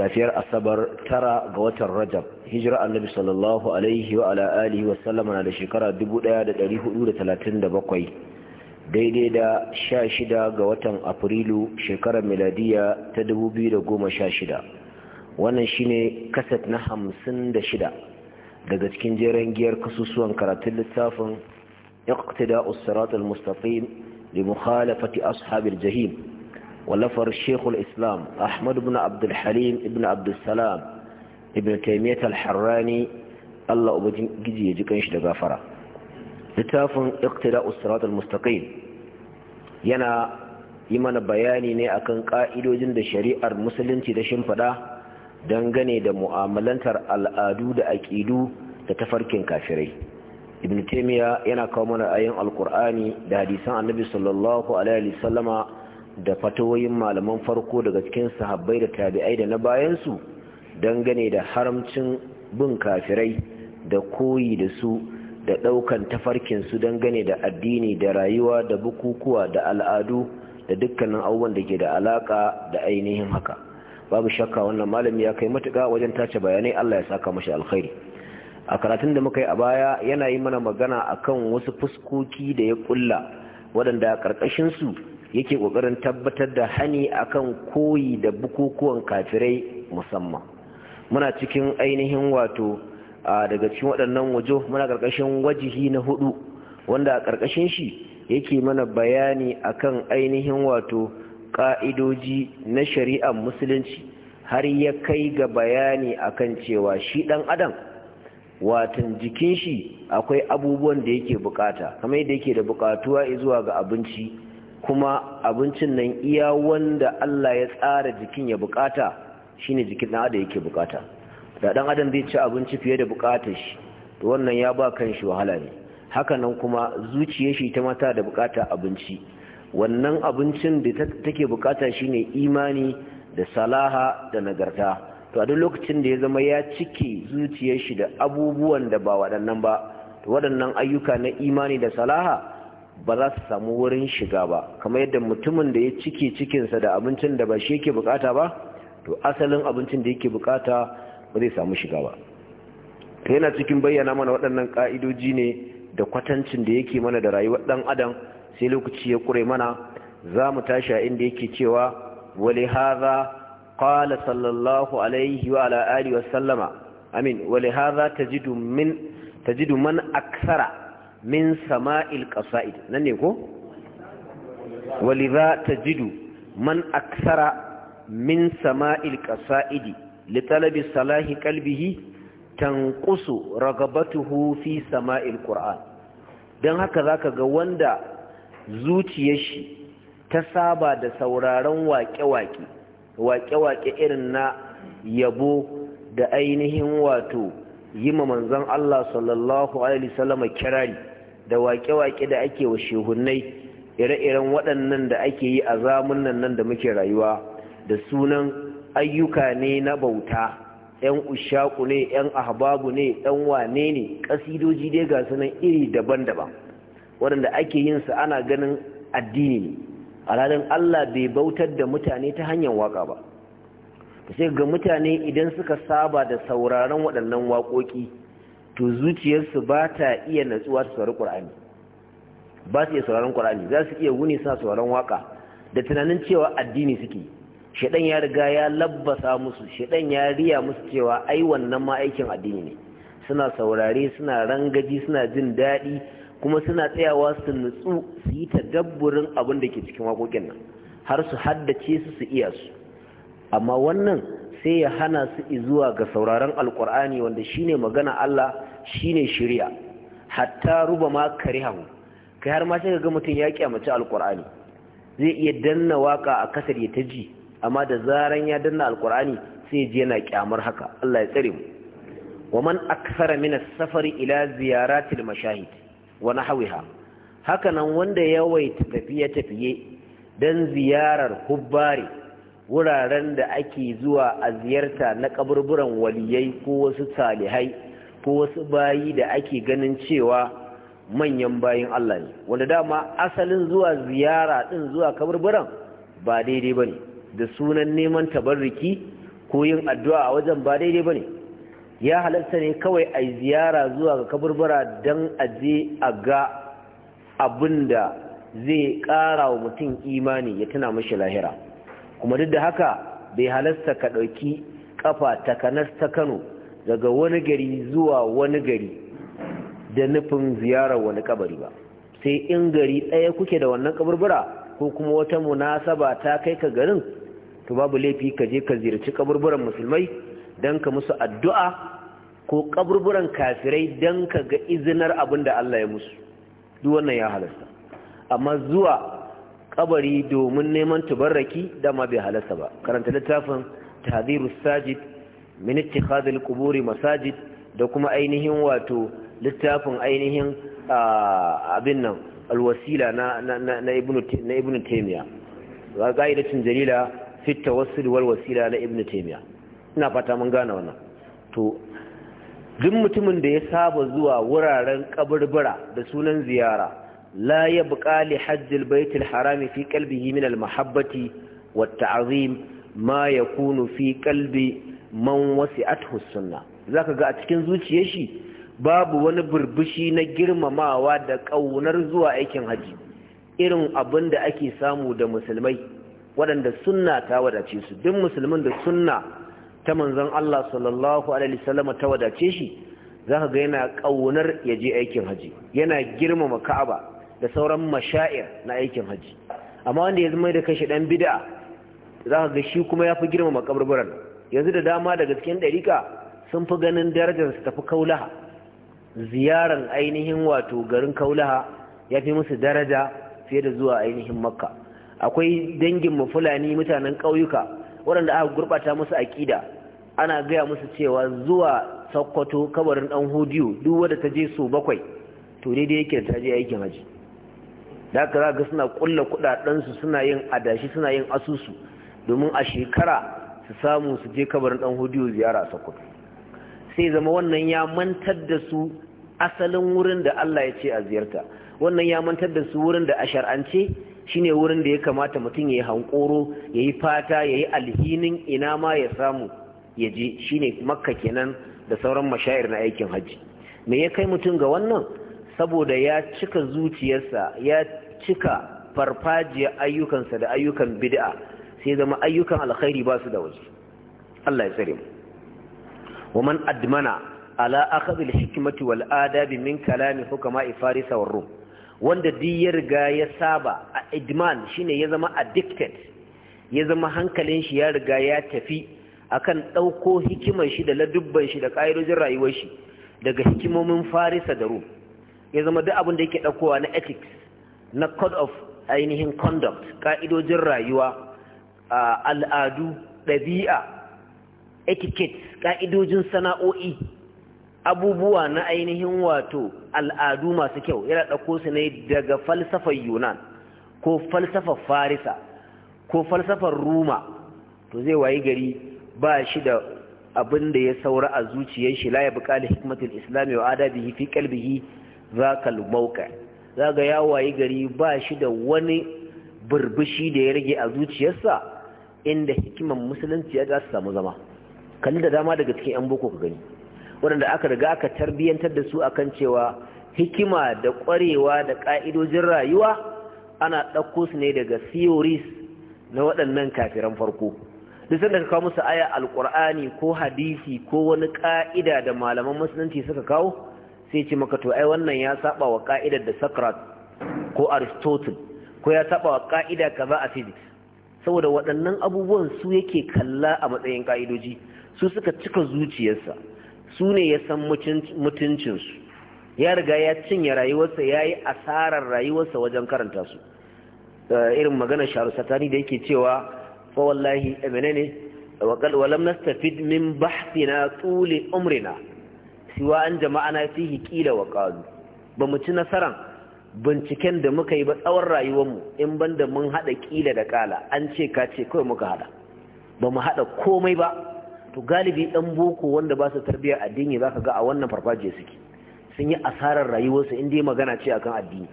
safiyar asabar tara ga watan rajab hijira annabi sallallahu alaihi wa ala alihi wa sallama na da shekara 1437 daidai da 16 ga watan afrilu shekarar miladiya ta 2016 wannan shine kaset na 56 daga cikin jeren giyar kasusuwan karatun littafin iqtida'us siratal mustaqim li mukhalafati ashabil jahim ولفر شيخ الإسلام أحمد بن عبد الحليم بن عبد السلام ابن تيمية الحراني الله أبجي يجيكنش لغافرة لتاف اقتداء الصراط المستقيم yana yi mana bayani ne akan ƙa'idodin da shari'ar musulunci da shimfiɗa dangane da mu'amalantar al'adu da aƙidu da tafarkin kafirai ibn taimiyya yana kawo mana ayin alkur'ani da hadisan annabi sallallahu alaihi da fatawoyin malaman farko daga cikin sahabbai da tabi'ai da na bayansu dangane da haramcin bin kafirai da koyi da su da ɗaukan tafarkinsu dangane da addini da rayuwa da bukukuwa da al'adu da dukkanin abubuwan da ke da alaƙa da ainihin haka babu shakka wannan malami ya kai matuka wajen tace bayanai Allah ya saka mashi alkhairi a karatun da muka yi a baya yana yi mana magana akan wasu fuskoki da ya ƙulla waɗanda a ƙarƙashinsu yake kokarin tabbatar da hani akan koyi da bukukuwan kafirai musamman muna cikin ainihin wato daga cikin waɗannan wajo muna ƙarƙashin wajihi na hudu wanda a ƙarƙashin shi yake mana bayani akan ainihin wato ƙa'idoji na shari'ar musulunci har ya kai ga bayani akan cewa shi ɗan adam watan jikin shi akwai abubuwan da yake bukata kamar yadda yake da bukatuwa zuwa ga abinci kuma abincin nan iya wanda Allah ya tsara jikin ya bukata shine jikin ɗan adam yake bukata da ɗan adam zai ci abinci fiye da bukatar shi to wannan ya ba kanshi wahala ne haka nan kuma zuciyar shi ta mata da bukata abinci wannan abincin da take bukata shine imani da salaha da nagarta to a duk lokacin da ya zama ya cike zuciyar shi da abubuwan da ba waɗannan ba to waɗannan ayyuka na imani da salaha ba za su samu wurin shiga ba kamar yadda mutumin da ya cike cikinsa da abincin da ba shi yake bukata ba to asalin abincin da yake bukata ba zai samu shiga ba ta yana cikin bayyana mana waɗannan ƙa'idoji ne da kwatancin da yake mana da rayuwar ɗan adam sai lokaci ya ƙure mana za mu tashi a inda yake cewa wale haza ƙala sallallahu alaihi wa ala'ari wa sallama amin wale haza ta jidu man aksara min sama'il qasaid nan ne ko waliza tajidu man aksara min sama'il qasaid li talabi salahi qalbihi tanqusu ragabatuhu fi sama'il qur'an dan haka zaka ga wanda zuciyar shi ta saba da sauraron waƙe-waƙe waƙe-waƙe irin na yabo da ainihin wato yi manzon Allah sallallahu alaihi wasallam kirari da waƙe wake da ake wa shehunnai ire-iren waɗannan da ake yi a zamunan nan da muke rayuwa da sunan ayyuka ne na bauta ‘yan ushaku ne ‘yan ahbabu ne ɗan wane ne ƙasidoji dai ga sunan iri daban-daban waɗanda ake yin su ana ganin addini ne alhalin Allah bai bautar da mutane ta hanyar waƙa ba sai ga mutane idan suka saba da sauraron waɗannan waƙoƙi to zuciyarsu ba ta iya natsuwa su saurari ƙura'ani ba su iya sauraron ƙur'ani za su iya wuni sa sauran waka da tunanin cewa addini suke shaɗan ya riga ya labbasa musu shaɗan ya riya musu cewa ai wannan ma aikin addini ne suna saurare suna rangaji suna jin daɗi kuma suna tsayawa su nutsu su yi tadabburin abin da ke cikin waƙoƙin nan har su haddace su su iya su amma wannan sai ya hana su izuwa ga sauraron alkur'ani wanda shine magana Allah shine shari'a hatta ruba ma karihahu kai har ma sai ga mutum ya mace alkur'ani zai iya danna waka a kasar ya taji amma da zaran ya danna alkur'ani sai ji yana kyamar haka Allah ya tsare mu waman akthara min as-safari ila ziyaratil mashahid wa nahwiha haka nan wanda ya wai tafiye tafiye dan ziyarar hubbari wuraren da ake zuwa a ziyarta na kaburburan waliyai ko wasu salihai ko wasu bayi da ake ganin cewa manyan bayin Allah ne wanda dama asalin zuwa ziyara ɗin zuwa kaburburan ba daidai bane da sunan neman tabarriki ko yin addu'a a wajen ba daidai bane ya halatta ne kawai a ziyara zuwa ga kaburbura don a je a ga abin da zai ƙara wa mutum imani ya tuna mashi lahira kuma duk da haka bai halasta ka ɗauki ƙafa takanas ta kano daga wani gari zuwa wani gari da nufin ziyarar wani kabari ba sai in gari ɗaya kuke da wannan kaburbura ko kuma wata munasaba ta kai ka garin to babu laifi ka je ka ziyarci kaburburan musulmai don ka musu addu'a ko kaburburan kafirai don ka ga izinar abin da Allah ya musu duk wannan ya halasta amma zuwa kabari domin neman tubarraki ma bai halasta ba karanta littafin tahzirus sajid min ittikhad alqubur masajid da kuma ainihin wato littafin ainihin abin nan alwasila na na ibnu na ibnu taymiya wa qaidatun jalila fi tawassul wal wasila na ibnu taymiya ina fata mun gane wannan to duk mutumin da ya saba zuwa wuraren kaburbura da sunan ziyara لا يبقى لحج البيت الحرام في قلبه من المحبة والتعظيم ما يكون في قلب man wasi'atuhu sunna zaka ga a cikin zuciyar shi babu wani burbushi na girmamawa da ƙaunar zuwa aikin hajji irin abin ake samu da musulmai waɗanda sunna ta wadace su duk musulmin da sunna ta manzon Allah sallallahu ta wadace shi zaka ga yana ƙaunar ya je aikin hajji? yana girmama Ka'aba da sauran mashair na aikin haji amma wanda ya zama da kashi dan bid'a za ka ga shi kuma ya fi girma makabarbaran yanzu da dama daga cikin ɗarika sun fi ganin darajar su tafi kaulaha ziyaran ainihin wato garin kaulaha ya fi musu daraja fiye da zuwa ainihin makka akwai dangin mu fulani mutanen ƙauyuka waɗanda aka gurɓata musu aƙida ana gaya musu cewa zuwa sokoto kabarin ɗan hodiyo duk wadda ta je su bakwai to daidai yake ta je aikin haji da haka za ga suna kulla kudadensu suna yin adashi suna yin asusu domin a shekara su samu su je kabarin dan hudiyo ziyara sokoto. sai zama wannan ya mantar da su asalin wurin da Allah ya ce a ziyarta wannan ya mantar da su wurin da a shar'ance shine wurin da ya kamata mutum ya yi hankoro ya yi fata ya yi alhinin ina ma ya samu ya je shine makka kenan da sauran mashayar na aikin hajji me ya kai mutum ga wannan saboda ya cika zuciyarsa ya cika farfajiya ayyukansa da ayyukan bid'a sai zama ayyukan alkhairi ba su da waje Allah ya tsare mu wa admana ala akhadhi alhikmati wal adabi min kalami hukama'i ifarisa war rum wanda di ya riga ya saba a idman shine ya zama addicted ya zama hankalin shi ya riga ya tafi akan dauko hikimar shi da ladubban shi da ƙa'idojin rayuwar shi daga hikimomin farisa da rum ya zama duk abin da yake ɗaukowa na ethics na code of ainihin conduct ƙa'idojin rayuwa al'adu ɗabi'a etiquette ƙa'idojin sana'o'i abubuwa na ainihin wato al'adu masu kyau yana ɗauko su ne daga falsafar yunan ko falsafar farisa ko falsafar ruma to zai wayi gari ba shi da abin da ya saura a zuciyar shi la ya buƙali hikmatul islami wa adabihi fi qalbihi zakal mauka zaga ya wayi gari ba shi da wani burbushi da ya rage a zuciyarsa inda hikiman musulunci ya za su samu zama kalli da dama daga cikin 'yan boko ka gani waɗanda aka riga aka tarbiyyantar da su akan cewa hikima da ƙwarewa da ƙa'idojin rayuwa ana ɗauko su ne daga theories na waɗannan kafiran farko duk sanda ka kawo musu aya alƙur'ani ko hadisi ko wani ƙa'ida da malaman musulunci suka kawo sai ce maka to ai wannan ya saba wa ka'idar da Sakrat ko Aristotle ko ya saba wa ka'ida kaza a physics saboda waɗannan abubuwan su yake kalla a matsayin ka'idoji su suka cika zuciyarsa su ne ya san mutuncinsu ya riga ya cinye rayuwarsa ya yi asarar rayuwarsa wajen karanta su eh, irin maganar sharu satani da yake cewa fa wallahi amene eh, ne wa lam nastafid min bahthina tuli umrina siwa an jama'a na fihi kila wa qalu ba mu ci nasaran binciken da muka yi ba tsawon rayuwarmu in banda mun haɗa ƙila da ƙala, an ce ka ce kawai muka haɗa. ba mu haɗa komai ba to galibi ɗan boko wanda ba su tarbiyyar addini za ka ga a wannan farfajiya suke sun yi asarar rayuwarsu in dai magana ce akan addini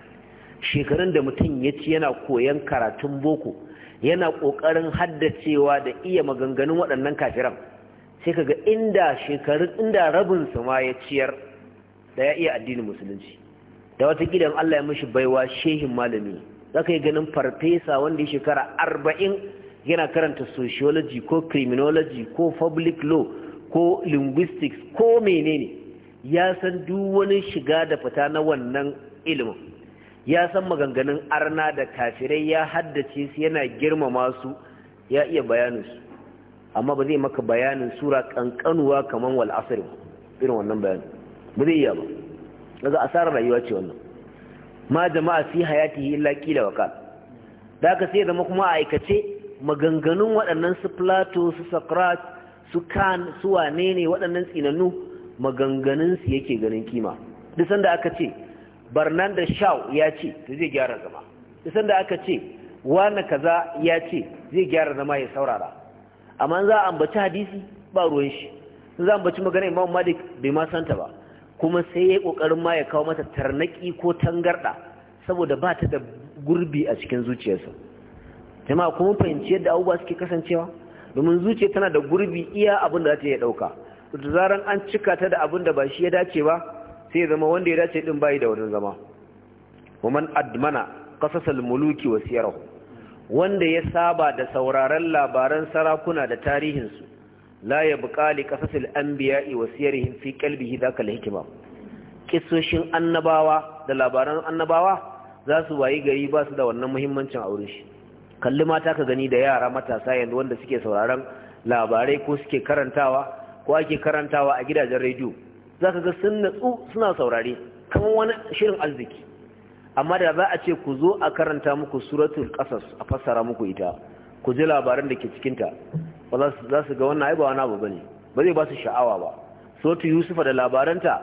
shekarun da mutum ya ci yana koyan karatun boko yana ƙoƙarin haddacewa da iya maganganun waɗannan kafiran sai kaga inda shekarun inda rabin su ma ya ciyar da ya iya addinin musulunci da wata gidan Allah ya mishi baiwa shehin malami zaka yi ganin farfesa wanda ya shekara arba'in yana karanta sociology ko criminology ko public law ko linguistics ko menene ya san duk wani shiga da fita na wannan ilimin ya san maganganun arna da kafirai ya haddace su yana girmama su ya iya bayanin su. amma ba zai maka bayanin sura kankanuwa kaman wal asr irin wannan bayani ba zai iya ba daga asarar rayuwa ce wannan ma jama'a fi hayati illa kila wa da ka sai zama kuma a aikace maganganun waɗannan su plato su Sakrat, su kan su wane ne waɗannan tsinannu maganganun su yake ganin kima duk sanda aka ce Barnanda shaw ya ce to zai gyara zama duk sanda aka ce wani kaza ya ce zai gyara zama ya saurara amma za a ambaci hadisi ba ruwan shi za a ambaci magana Imam Malik bai ma santa ba kuma sai yayi kokarin ma ya kawo mata tarnaki ko tangarɗa saboda ba ta da gurbi a cikin zuciyarsa jama'a kuma fahimci yadda abubuwa suke kasancewa domin zuciya tana da gurbi iya abin da za ta iya dauka da zaran an cika ta da abin da ba shi ya dace ba sai ya zama wanda ya dace din bai da wani zama waman admana qasasal muluki wasu wanda ya saba da sauraron labaran sarakuna da tarihinsu la ya buƙali ƙasasil an biya'i wa siyarihim fi kalbihi za ka hikima kisoshin annabawa da labaran annabawa za su wayi gari ba su da wannan muhimmancin aure shi kalli mata ka gani da yara matasa yanzu wanda suke sauraron labarai ko suke karantawa ko ake karantawa a gidajen rediyo za ka ga sun natsu suna saurare kamar wani shirin arziki amma da za a ce ku zo a karanta muku suratul qasas a fassara muku ita ku ji labaran da ke cikinta ba za su ga wannan aiba wani abu bane ba zai ba su sha'awa ba suratul yusufa da labaranta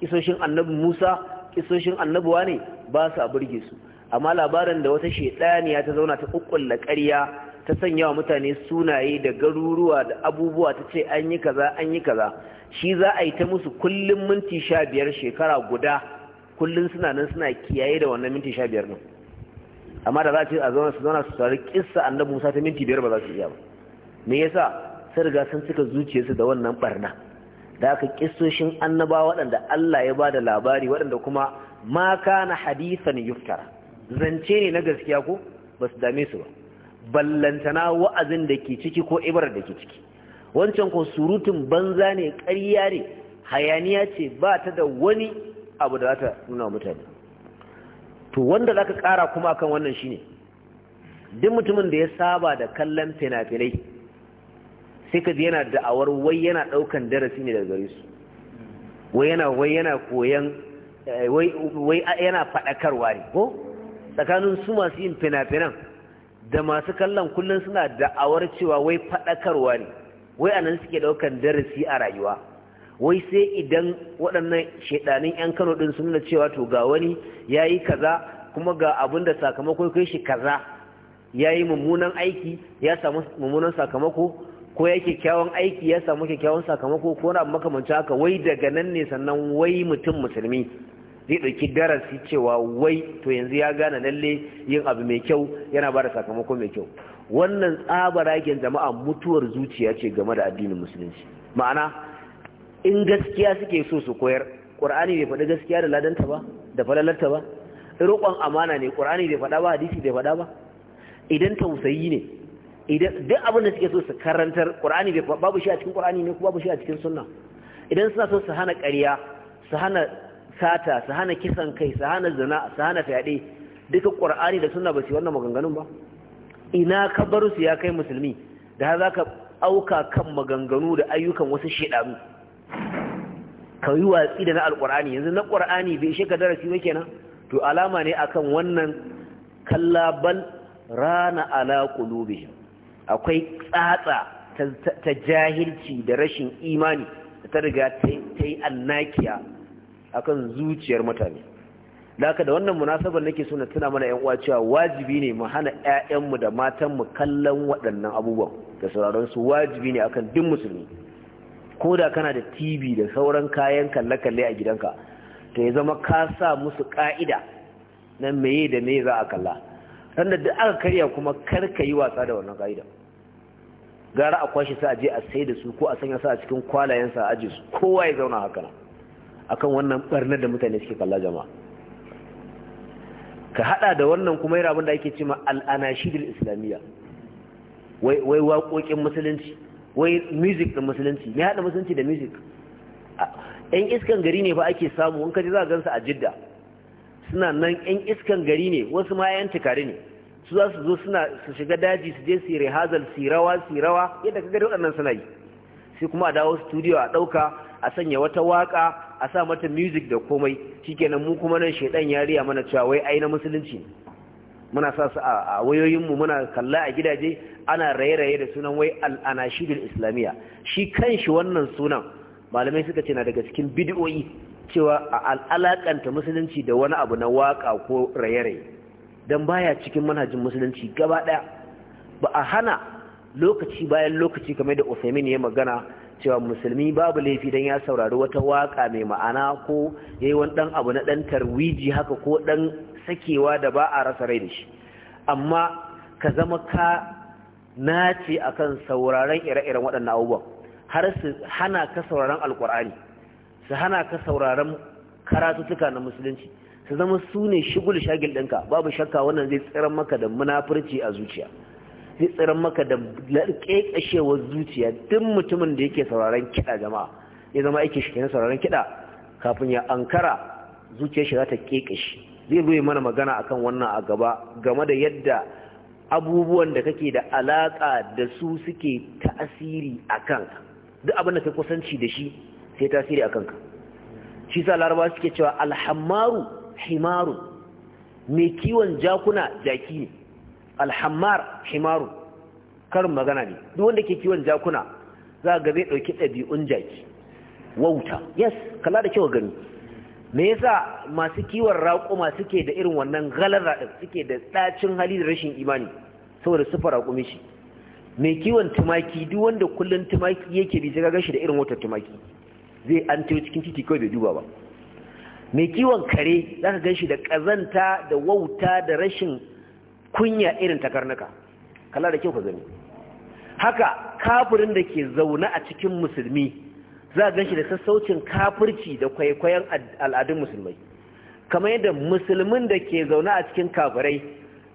kisoshin annabi musa kisoshin annabuwa ne ba su a burge su amma labarin da wata shedaniya ta zauna ta kukkulla ƙarya ta sanya wa mutane sunaye da garuruwa da abubuwa ta ce an yi kaza an yi kaza shi za a yi ta musu kullum minti sha biyar shekara guda kullum suna nan suna kiyaye da wannan minti sha biyar nan. amma da za a ce a zauna su zauna su sauri kissa annabi musa ta minti biyar ba za su iya ba me yasa sun riga sun cika zuciyarsu da wannan barna da aka kissoshin annaba waɗanda Allah ya ba da labari waɗanda kuma ma kana hadisan yuftara zance ne na gaskiya ko ba su dame su ba ballantana wa'azin da ke ciki ko ibar da ke ciki wancan ko surutun banza ne ƙarya ne hayaniya ce ba ta da wani abu da za ta nuna mutane to wanda za ka ƙara kuma akan wannan shine duk mutumin da ya saba da kallon fina-finai sai ka ji yana da'awar wai yana ɗaukan darasi ne daga gare su wai yana wai yana koyan eh, wai yana faɗakarwa ne ko tsakanin su masu yin fina-finan da masu kallon kullum suna da'awar cewa wai faɗakarwa ne wai anan suke ɗaukan darasi a rayuwa wai sai idan waɗannan shaidanin 'yan kano ɗin sun na cewa to ga wani ya yi kaza kuma ga abin da sakamako kai shi kaza ya yi mummunan aiki ya samu mummunan sakamako ko ya kyakkyawan aiki ya samu kyakkyawan sakamako ko na makamanci haka wai daga nan ne sannan wai mutum musulmi zai ɗauki darasi cewa wai to yanzu ya gane lalle yin abu mai kyau yana ba da sakamako mai kyau wannan tsabaragen jama'a mutuwar zuciya ce game da addinin musulunci ma'ana in gaskiya suke so su koyar ƙur'ani bai faɗi gaskiya da ladanta ba da falalarta ba roƙon amana ne ƙur'ani bai faɗa ba hadisi bai faɗa ba idan tausayi ne idan duk abin da suke so su karantar ƙur'ani bai babu shi a cikin ƙur'ani ne ko babu shi a cikin sunna idan suna so su hana ƙarya su hana sata su hana kisan kai su hana zina su hana fyaɗe duka ƙur'ani da sunna ba su wannan maganganun ba ina ka bar su ya kai musulmi da har ka auka kan maganganu da ayyukan wasu shedanu ka watsi da na alkur'ani yanzu na ƙur'ani bai ishe ka darasi ba kenan to alama ne akan wannan kallabal rana ala qulubihim akwai tsatsa ta jahilci da rashin imani da ta riga ta yi annakiya kan zuciyar mutane Da aka da wannan munasabar nake so na tuna mana yan uwa cewa wajibi ne mu hana ƴaƴanmu da matanmu kallon waɗannan abubuwan da sauraron su wajibi ne akan duk musulmi ko da kana da tv da sauran kayan kalle-kalle a gidanka to ya zama ka sa musu ka'ida na meye da meye za a kalla sanda da aka karya kuma kar ka yi wasa da wannan ka'ida gara a kwashe sa a je a sai da su ko a sanya sa a cikin kwalayen sa a su kowa ya zauna haka akan wannan barnar da mutane suke kalla jama'a ka hada da wannan kuma yana abin da ake cewa al islamiyya wai waƙoƙin musulunci wai music da musulunci ya haɗa musulunci da music yan iskan gari ne fa ake samu wanka za a gansu a jidda suna nan yan iskan gari ne wasu ma yan tukari ne su za su zo suna su shiga daji su je su rehazal su rawa su rawa yadda ka gari waɗannan suna yi sai kuma a dawo studio a ɗauka a sanya wata waka a sa mata music da komai shikenan mu kuma nan shaidan ya riya mana cewa wai ai na musulunci ne muna sa su a wayoyinmu muna kalla a gidaje ana raye-raye da sunan wai al'anashidul islamiyya shi kanshi wannan sunan malamai suka ce na daga cikin bidiyoyi cewa a al'alakanta musulunci da wani abu na waka ko raye-raye don baya cikin manhajin musulunci gaba ɗaya ba a hana lokaci bayan lokaci kamar da Usaimin ya magana cewa musulmi babu laifi don ya saurari wata waka mai ma'ana ko yayi wani ɗan abu na ɗan tarwiji haka ko ɗan. sakewa da ba a rasa rai da shi amma ka zama ka nace akan sauraron ire-iren waɗannan abubuwan har su hana ka sauraron alkur'ani su hana ka sauraron karatuttuka na musulunci su zama su ne shigul shagil ɗinka babu shakka wannan zai tsiran maka da munafurci a zuciya zai tsiran maka da ƙeƙashewar zuciya duk mutumin da yake sauraron kiɗa jama'a ya zama yake shi sauraron kiɗa kafin ya ankara zuciyar shi za ta ƙeƙashi zai zo mana magana akan wannan a gaba game da yadda abubuwan da kake da alaƙa da su suke tasiri a kanka duk abin da ka kusanci da shi sai tasiri a kanka shi sa laraba suke cewa alhammaru himaru mai kiwon jakuna jaki ne alhammar himaru karin magana ne duk wanda ke kiwon jakuna za ga zai ɗauki ɗabi'un jaki wauta yes kala da kyau gani me yasa masu kiwon raƙuma suke da irin wannan galaza suke da ɗacin hali da rashin imani saboda sufa raƙumi shi mai kiwon tumaki duk wanda kullun tumaki yake bi sai ga shi da irin wata tumaki zai an tayo cikin titi kawai bai duba ba mai kiwon kare zaka gan shi da ƙazanta da wauta da rashin kunya irin takarnaka kala da kyau ka zane haka kafirin da ke zaune a cikin musulmi za a shi da sassaucin kafirci da kwaikwayon al'adun musulmai kamar yadda musulmin da ke zaune a cikin kafirai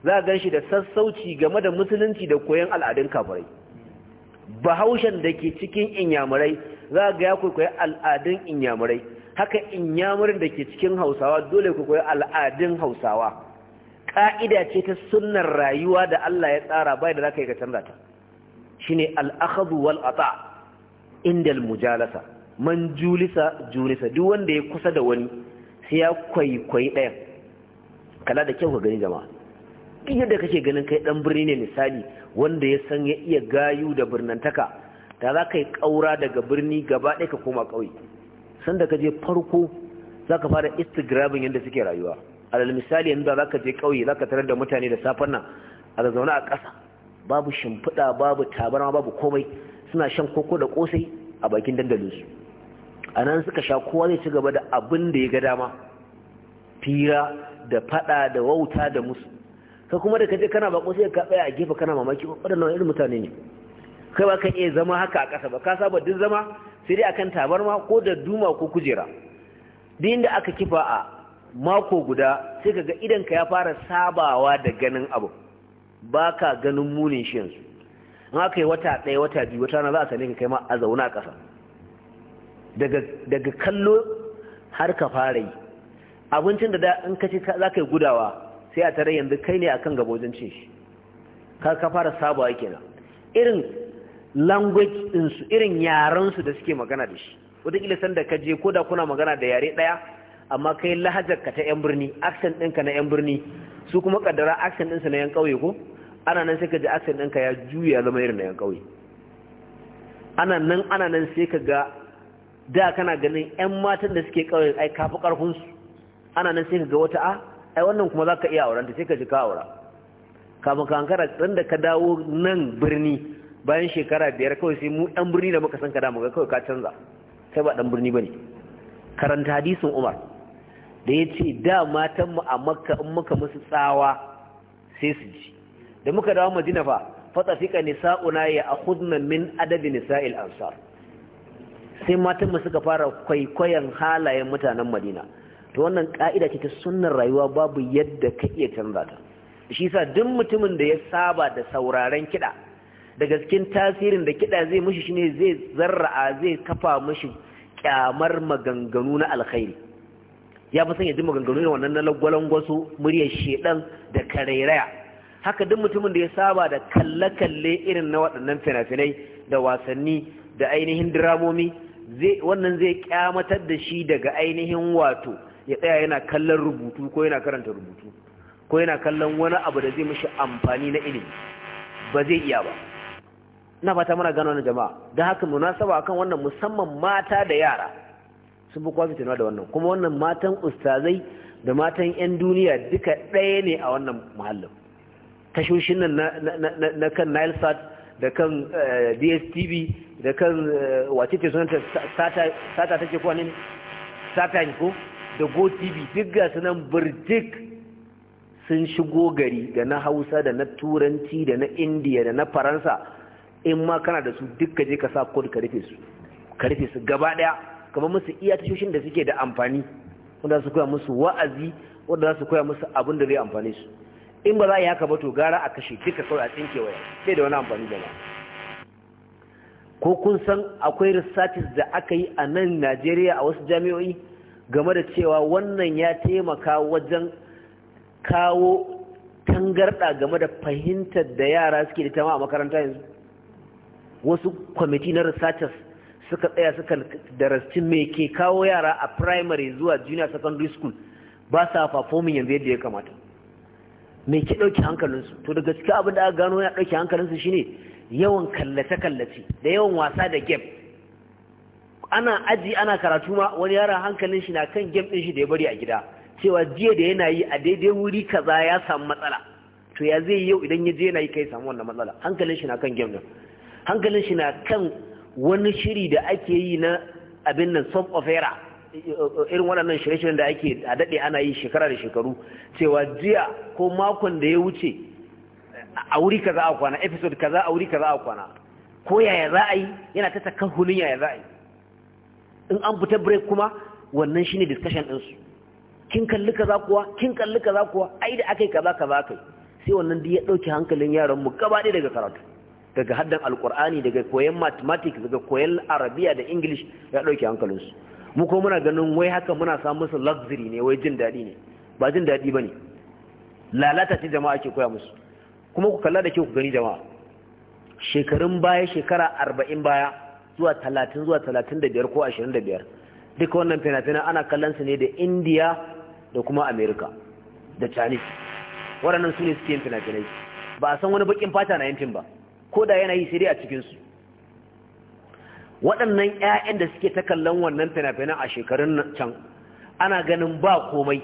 za a ganshi da sassauci game da musulunci da koyon al'adun kafirai bahaushen da ke cikin inyamurai za ga ya kwaikwayi al'adun inyamurai haka inyamurin da ke cikin hausawa dole kwaikwayi al'adun hausawa ƙa'ida ce ta sunnar rayuwa da Allah ya tsara bai da za ka yi ka canza ta shi ne al'akhadu wal'ata indal mujalasa man julisa julisa duk wanda ya kusa da wani sai ya kwaikwayi ɗayan kala da kyau ka gani jama'a duk yadda kake ganin kai dan birni ne misali wanda ya san ya iya gayu da birnantaka da za ka yi ƙaura daga birni gaba ɗaya ka koma ƙauye sanda ka je farko za ka fara instagramin yadda suke rayuwa alal misali yanzu za ka je ƙauye za ka tarar da mutane da safen nan a zazzauna a ƙasa babu shimfiɗa babu tabarma babu komai suna shan koko da ƙosai a bakin dandalinsu a nan suka sha kowa zai ci gaba da abin da ya ga dama fira da fada da wauta da musu ka kuma da je kana bako sai ka tsaya a gefe kana mamaki waɗannan irin mutane ne kai ba ka iya zama haka a ƙasa ba ka saba duk zama sai dai akan tabarma ko da duma ko kujera duk inda aka kifa a mako guda sai ka ga idan ka ya fara sabawa da ganin abu baka ganin munin shi yanzu in aka yi wata ɗaya wata biyu wata na za a sane ka kai ma a zauna a ƙasa daga kallo har ka fara yi abincin da in ka ce za ka yi gudawa sai a tare yanzu kai ne akan gaba wajen cin shi ka ka fara sabawa kenan irin language ɗinsu irin yarensu da suke magana da shi wataƙila san da ka je ko da kuna magana da yare ɗaya amma kai lahajar ka ta 'yan birni accent ɗinka na 'yan birni su kuma ƙaddara accent ɗinsu na 'yan ƙauye ko ana nan sai ka ji accent ɗinka ya juya zama irin na yan ƙauye ana nan ana nan sai ka ga da kana ganin yan matan da suke ƙauyen ai kafi ƙarfinsu ana nan sai ka ga wata a ah, ai wannan kuma za ka iya auranta sai ka ji ka aura kafin ka hankara ɗan da ka dawo nan birni bayan shekara biyar kawai sai mu dan birni da muka san ka damu ga kawai ka canza Sai ba ɗan birni ba ne karanta hadisin umar da ya ce da mu a makka in muka musu tsawa sai su ji da muka dawo madina fa fika nisa'una ya akhudna min adadin nisa'il ansar sai matan mu suka fara kwaikwayon halayen mutanen madina to wannan ka'ida ce ta sunnar rayuwa babu yadda ka iya canza ta shi yasa duk mutumin da ya saba da sauraren kiɗa da gaskin tasirin da kiɗa zai mushi shine zai zarra'a zai kafa mushi kyamar maganganu na alkhairi ya fi sanya jin maganganu ne wannan na wasu muryar shedan da karairaya haka duk mutumin da ya saba da kalle-kalle irin na waɗannan fina-finai da wasanni da ainihin diramomi wannan zai kyamatar da shi daga ainihin wato ya tsaya yana kallon rubutu ko yana karanta rubutu ko yana kallon wani abu da zai mishi amfani na ilimi ba zai iya ba na fata mana gano na jama'a da haka munasaba akan wannan musamman mata da yara sun fi kwafi tunawa da wannan kuma wannan matan ustazai da matan 'yan duniya duka ɗaya ne a wannan muhallin tashoshin nan na kan nilesat da kan eh, dstv da kan eh, wace ce sunanta sata take kwanin ne sata ko da gotv duk ga sunan birjik sun shigo gari da na hausa da na turanci da na indiya da na faransa in ma kana da su duk je ka sa kod ka rufe su ka rufe su gaba daya kamar musu iya tashoshin da suke da amfani wanda su koya musu wa'azi wanda za su koya musu abin da zai amfani su in ba za a yi haka ba to gara a kashe duka kawai a tsinke waya sai da wani amfani da ba ko kun san akwai researches da aka yi a nan Najeriya a wasu jami'o'i game da cewa wannan ya taimaka wajen kawo tangarɗa game da fahimtar da yara suke da tama a makaranta yanzu wasu kwamiti na researchers suka tsaya suka darasci me ke kawo yara a primary zuwa junior secondary school ba sa performing yanzu yadda ya kamata Mai ke ɗauki hankalinsu to daga gaske abin da aka gano ya ɗauki hankalinsu shine yawan kallace-kallace da yawan wasa da game ana aji ana karatu ma wani yara hankalin shi na kan game ɗin shi da ya bari a gida cewa jiya da yana yi a daidai wuri kaza ya samu matsala to ya zai yau idan ya je yana yi kai samu wannan matsala hankalin shi na kan game ɗin hankalin shi na kan wani shiri da ake yi na abin nan soap opera irin waɗannan shirye-shiryen da ake a daɗe ana yi shekara da shekaru cewa jiya ko makon da ya wuce a wuri kaza a kwana episode kaza a wuri kaza a kwana ko yaya za a yi yana ta takahunin yaya za a yi in an fita break kuma wannan shine discussion ɗinsu kin kalli kaza kuwa kin kalli kaza kuwa ai da akai kaza kaza kai sai wannan duk ya ɗauki hankalin yaran mu gaba ɗaya daga karatu daga haddan alkur'ani daga koyon mathematics daga koyon arabiya da english ya hankalin hankalinsu mu ko muna ganin wai haka muna samu musu luxury ne wai jin daɗi ne ba jin daɗi ba ne lalata ce jama'a ke koya musu kuma ku kalla da ke ku gani jama'a shekarun baya shekara arba'in baya zuwa talatin zuwa talatin da biyar ko ashirin da biyar duka wannan fina-finan ana kallon su ne da indiya da kuma amerika da chinese waɗannan su ne suke yin fina-finai ba a san wani bakin fata na yankin ba ko da yana yi sai dai a cikinsu waɗannan 'ya'yan da suke ta kallon wannan fina-finan a shekarun can ana ganin ba komai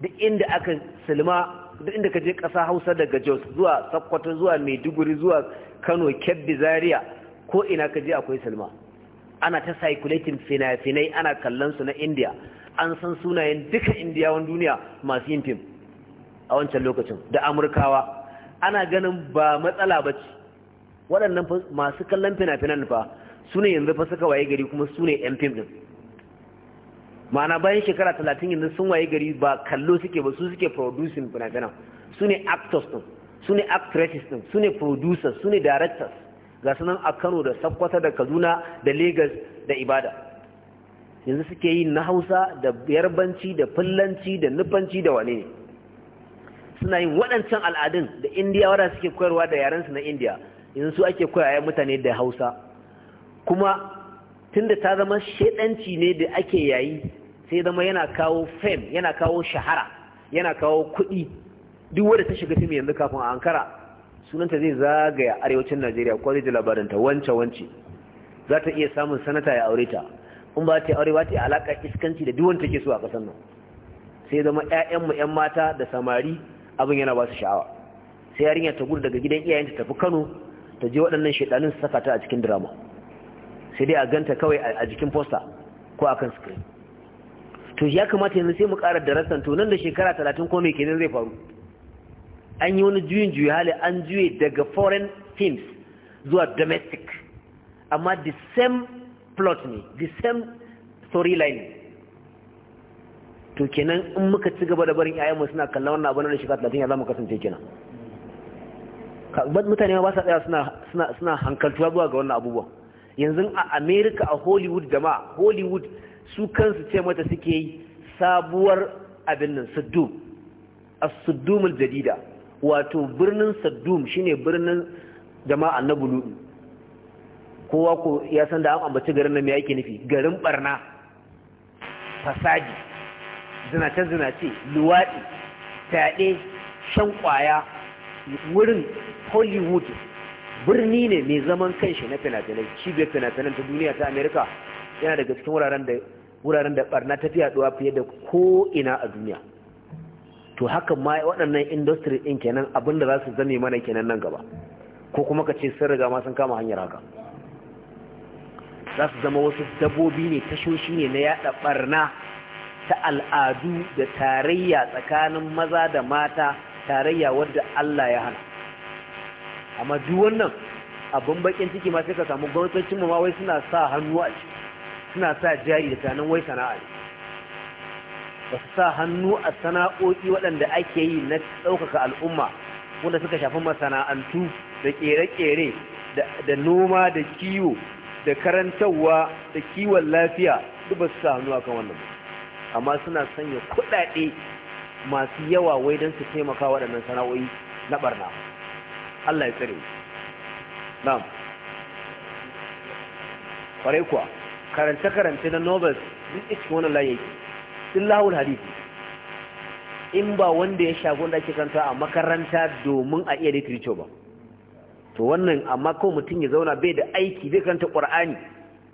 duk inda aka silma duk inda ka je ƙasa hausa daga jos zuwa sakkwato zuwa maiduguri zuwa kano kebbi zaria ko ina ka je akwai silma ana ta circulating fina-finai ana kallon su na india an san sunayen duka indiyawan duniya masu yin fim a wancan lokacin da amurkawa ana ganin ba matsala ba ce waɗannan masu kallon fina-finan fa su ne yanzu fa suka waye gari kuma su ne yan fim din ma'ana bayan shekara talatin yanzu sun waye gari ba kallo suke ba su suke producing fina su ne actors din su ne actresses din su ne producers su ne directors ga sunan a kano da sakkwata da kaduna da lagos da ibada yanzu suke yi na hausa da yarbanci da fullanci da nufanci da wane ne suna yin waɗancan al'adun da indiya wadda suke koyarwa da yaransu na indiya yanzu su ake koya mutane da hausa kuma tunda ta zama shedanci ne da ake yayi sai zama yana kawo fame yana kawo shahara yana kawo kuɗi duk wanda ta shiga fim yanzu kafin a ankara sunanta zai zagaya arewacin najeriya ko zai ji labarinta wance wance za ta iya samun sanata ya aure ta in ba ta aure ba ta alaka iskanci da duwan take so a ƙasar nan sai zama ƴaƴanmu ƴan mata da samari abin yana ba su sha'awa sai yarinya ta gudu daga gidan iyayenta tafi kano ta je waɗannan shedanin su saka ta a cikin drama sai dai a ganta kawai a jikin poster ko a kan screen to ya kamata yanzu sai mu ƙara darasan to nan da shekara talatin ko mai kenan zai faru an yi wani juyin juyi hali an juye daga foreign films zuwa domestic amma the same plot ne the same storyline to kenan in muka ci gaba da barin yayanmu suna kallon wannan abin da shekara talatin ya zama kasance kenan mutane ma ba sa tsaya suna hankaltuwa zuwa ga wannan abubuwan yanzu a Amerika, a hollywood jama'a hollywood su kansu ce mata suke yi sabuwar abin nan saddum as-saddumul jadida wato birnin saddum shine birnin jama'a na buludu kowa ko ya san da an ambaci garin nan me yake nufi garin barna fasadi zinace zinace luwaɗi fyaɗe shan ƙwaya wurin hollywood birni ne mai zaman kanshi na finafinai cibiyar finafinan ta duniya ta amerika yana daga cikin wuraren da barna ta fi fiye da koina a duniya to haka ma waɗannan industry ɗin kenan abin da za su zane mana kenan nan gaba ko kuma ka ce sun riga sun kama hanyar haka za su zama wasu dabobi ne tashoshi ne na yada barna ta al'adu da tarayya tsakanin maza da mata tarayya wadda Allah ya hana amma duk wannan abin bakin ciki ma sai ka samu gwamnatocin ma wai suna sa hannu a ciki suna sa jari da tunanin wai sana'a ne ba su sa hannu a sana'o'i waɗanda ake yi na ɗaukaka al'umma wanda suka shafi masana'antu da ƙere-ƙere da noma da kiwo da karantarwa da kiwon lafiya duk ba su sa hannu akan wannan amma suna sanya kuɗaɗe masu yawa wai don su taimaka waɗannan sana'o'i na ɓarna Allah ya tsare na'am kwarai kuwa karanta karanta na novels duk cikin wannan layi sun lahul hadisi in ba wanda ya shago da ake kanta a makaranta domin a iya literature ba to wannan amma kawai mutum ya zauna bai da aiki zai karanta qur'ani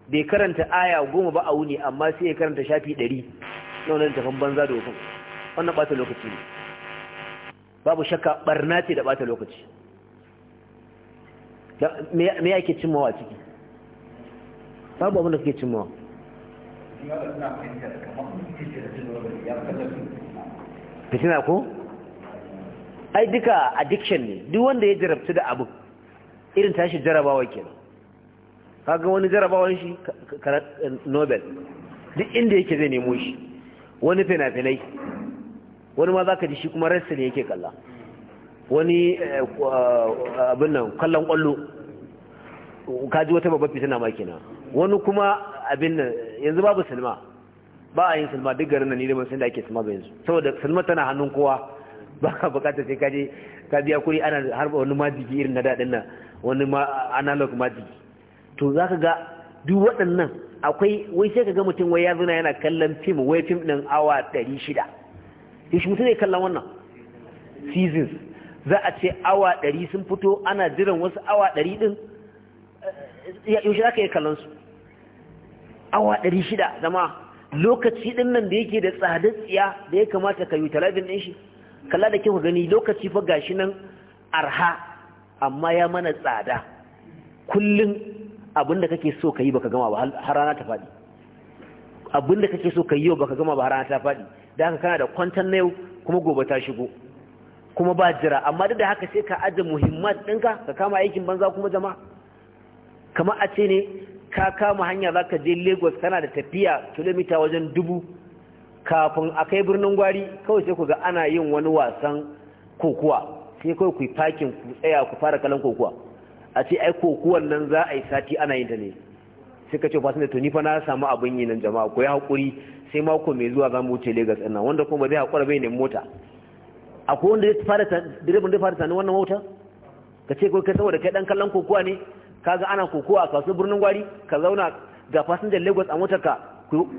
bai karanta aya goma ba a wuni amma sai ya karanta shafi ɗari na wani tafan banza da wakon wannan ɓata lokaci ne babu shakka ɓarna ce da ɓata lokaci me yake cimmawa a ciki babu abin da kake cimmawa fitina ko ai duka addiction ne duk wanda ya jarabtu da abu irin tashi jarabawa kenan kaga wani jarabawan shi nobel duk inda yake zai nemo shi wani fina-finai wani ma za ka ji shi kuma rasta ne yake kalla wani eh, eh, abin nan kallon kwallo kaji wata babbar fitina ma kenan wani kuma abin nan yanzu babu silma ba a yin silma duk garin nan ni da ban san da ake silma ba yanzu saboda silma tana hannun kowa ba ka bukata sai kaji, ka biya kuɗi ana harba wani majigi irin na daɗin nan wani ma analog majigi to za ka ga duk waɗannan akwai wai sai ka ga mutum wai ya zuna yana kallon fim wai fim ɗin awa ɗari shida shi mutum ne kallon wannan seasons za a ce awa ɗari sun fito ana jiran wasu awa ɗari ɗin yaushe aka yi kalansu? awa ɗari shida zama lokaci ɗin nan da yake da tsadar tsiya da ya kamata ka yi talabin ɗin shi kalla da kyau gani lokaci fa gashi nan arha amma ya mana tsada kullum abin da kake so ka yi baka gama ba har rana ta faɗi abin da kake so ka yi yau baka gama ba har rana ta faɗi da haka kana da kwantan na yau kuma gobe ta shigo kuma ba jira amma duk da haka sai ka aje muhimmat ɗinka ka kama aikin banza kuma jama kamar a ce ne ka kama hanya za ka je lagos kana da tafiya kilomita wajen dubu kafin a kai birnin gwari kawai sai ku ga ana yin wani wasan kokuwa sai kawai ku yi fakin ku tsaya ku fara kalan kokuwa a ce ai kokuwan nan za a yi sati ana yin ta ne sai ka ce fasin da tuni fa na samu abin yi nan jama'a ku yi haƙuri sai mako mai zuwa za mu wuce lagos ɗin nan wanda kuma ba zai haƙura bai nemi mota akwai wanda ya fara direban da fara tani wannan wauta ka ce kai saboda kai dan kallon kokowa ne kaga ana kokowa a kasuwar birnin gwari ka zauna ga fasinjan lagos a motarka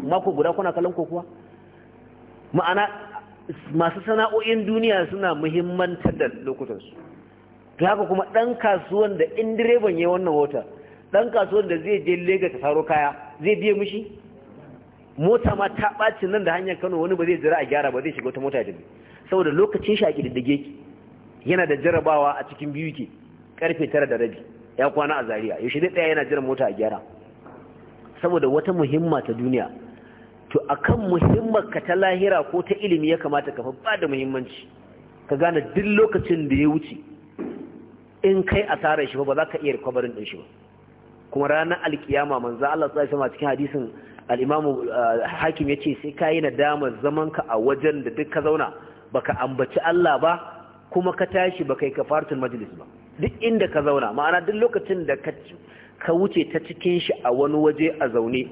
mako guda kuna kallon kokowa ma'ana masu sana'o'in duniya suna muhimmantar da lokutansu ta haka kuma ɗan kasuwan da in direban ya wannan wata ɗan kasuwan da zai je lagos ta saro kaya zai biye mishi mota ma ta ɓaci nan da hanyar kano wani ba zai jira a gyara ba zai shiga wata mota da biyu saboda lokacin shi a kididdige yana da jarabawa a cikin biyu ke karfe tara da rabi ya kwana a Zariya. yaushe dai ɗaya yana jiran mota a gyara saboda wata muhimma ta duniya to akan muhimmar ka ta lahira ko ta ilimi ya kamata ka ba da muhimmanci ka gane duk lokacin da ya wuce in kai asarar shi ba za ka iya kwabarin ɗin shi ba kuma ranar alkiyama manzo Allah tsaya sama cikin hadisin al-Imam ah, Hakim yace sai kai nadama zaman ka a wajen da duk ka zauna baka ambaci Allah ba kuma ka tashi baka yi kafaratul majlis ba duk inda ka zauna ma'ana duk lokacin da ka wuce ta cikin shi a wani waje a zaune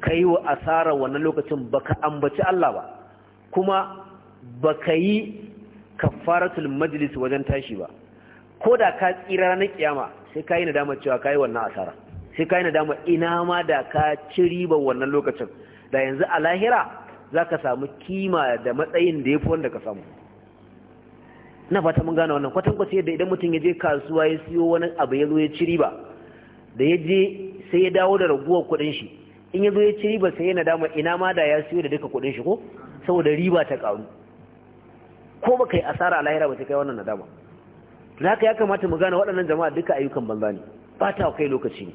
ka yi wa asarar wannan lokacin baka ambaci Allah ba kuma baka yi kafaratul majlis wajen tashi ba ko da ka tsira ranar kiyama sai ka yi nadama cewa ka yi wannan asara sai ka yi nadama ina ma da ka ci riba wannan lokacin da yanzu a lahira za ka samu kima da matsayin da ya fi wanda ka samu na fata mun gane wannan kwatankwace yadda idan mutum ya je kasuwa ya siyo wani abu ya zo ya ci riba da ya je sai ya dawo da raguwar kuɗin shi in ya zo ya ci riba sai yana nadama. ina ma da ya siyo da duka kuɗin shi ko saboda riba ta ƙaru ko ba kai asara a lahira ba ta kai wannan nadama da haka ya kamata mu gane waɗannan jama'a duka ayyukan banza ne ba ta kai lokaci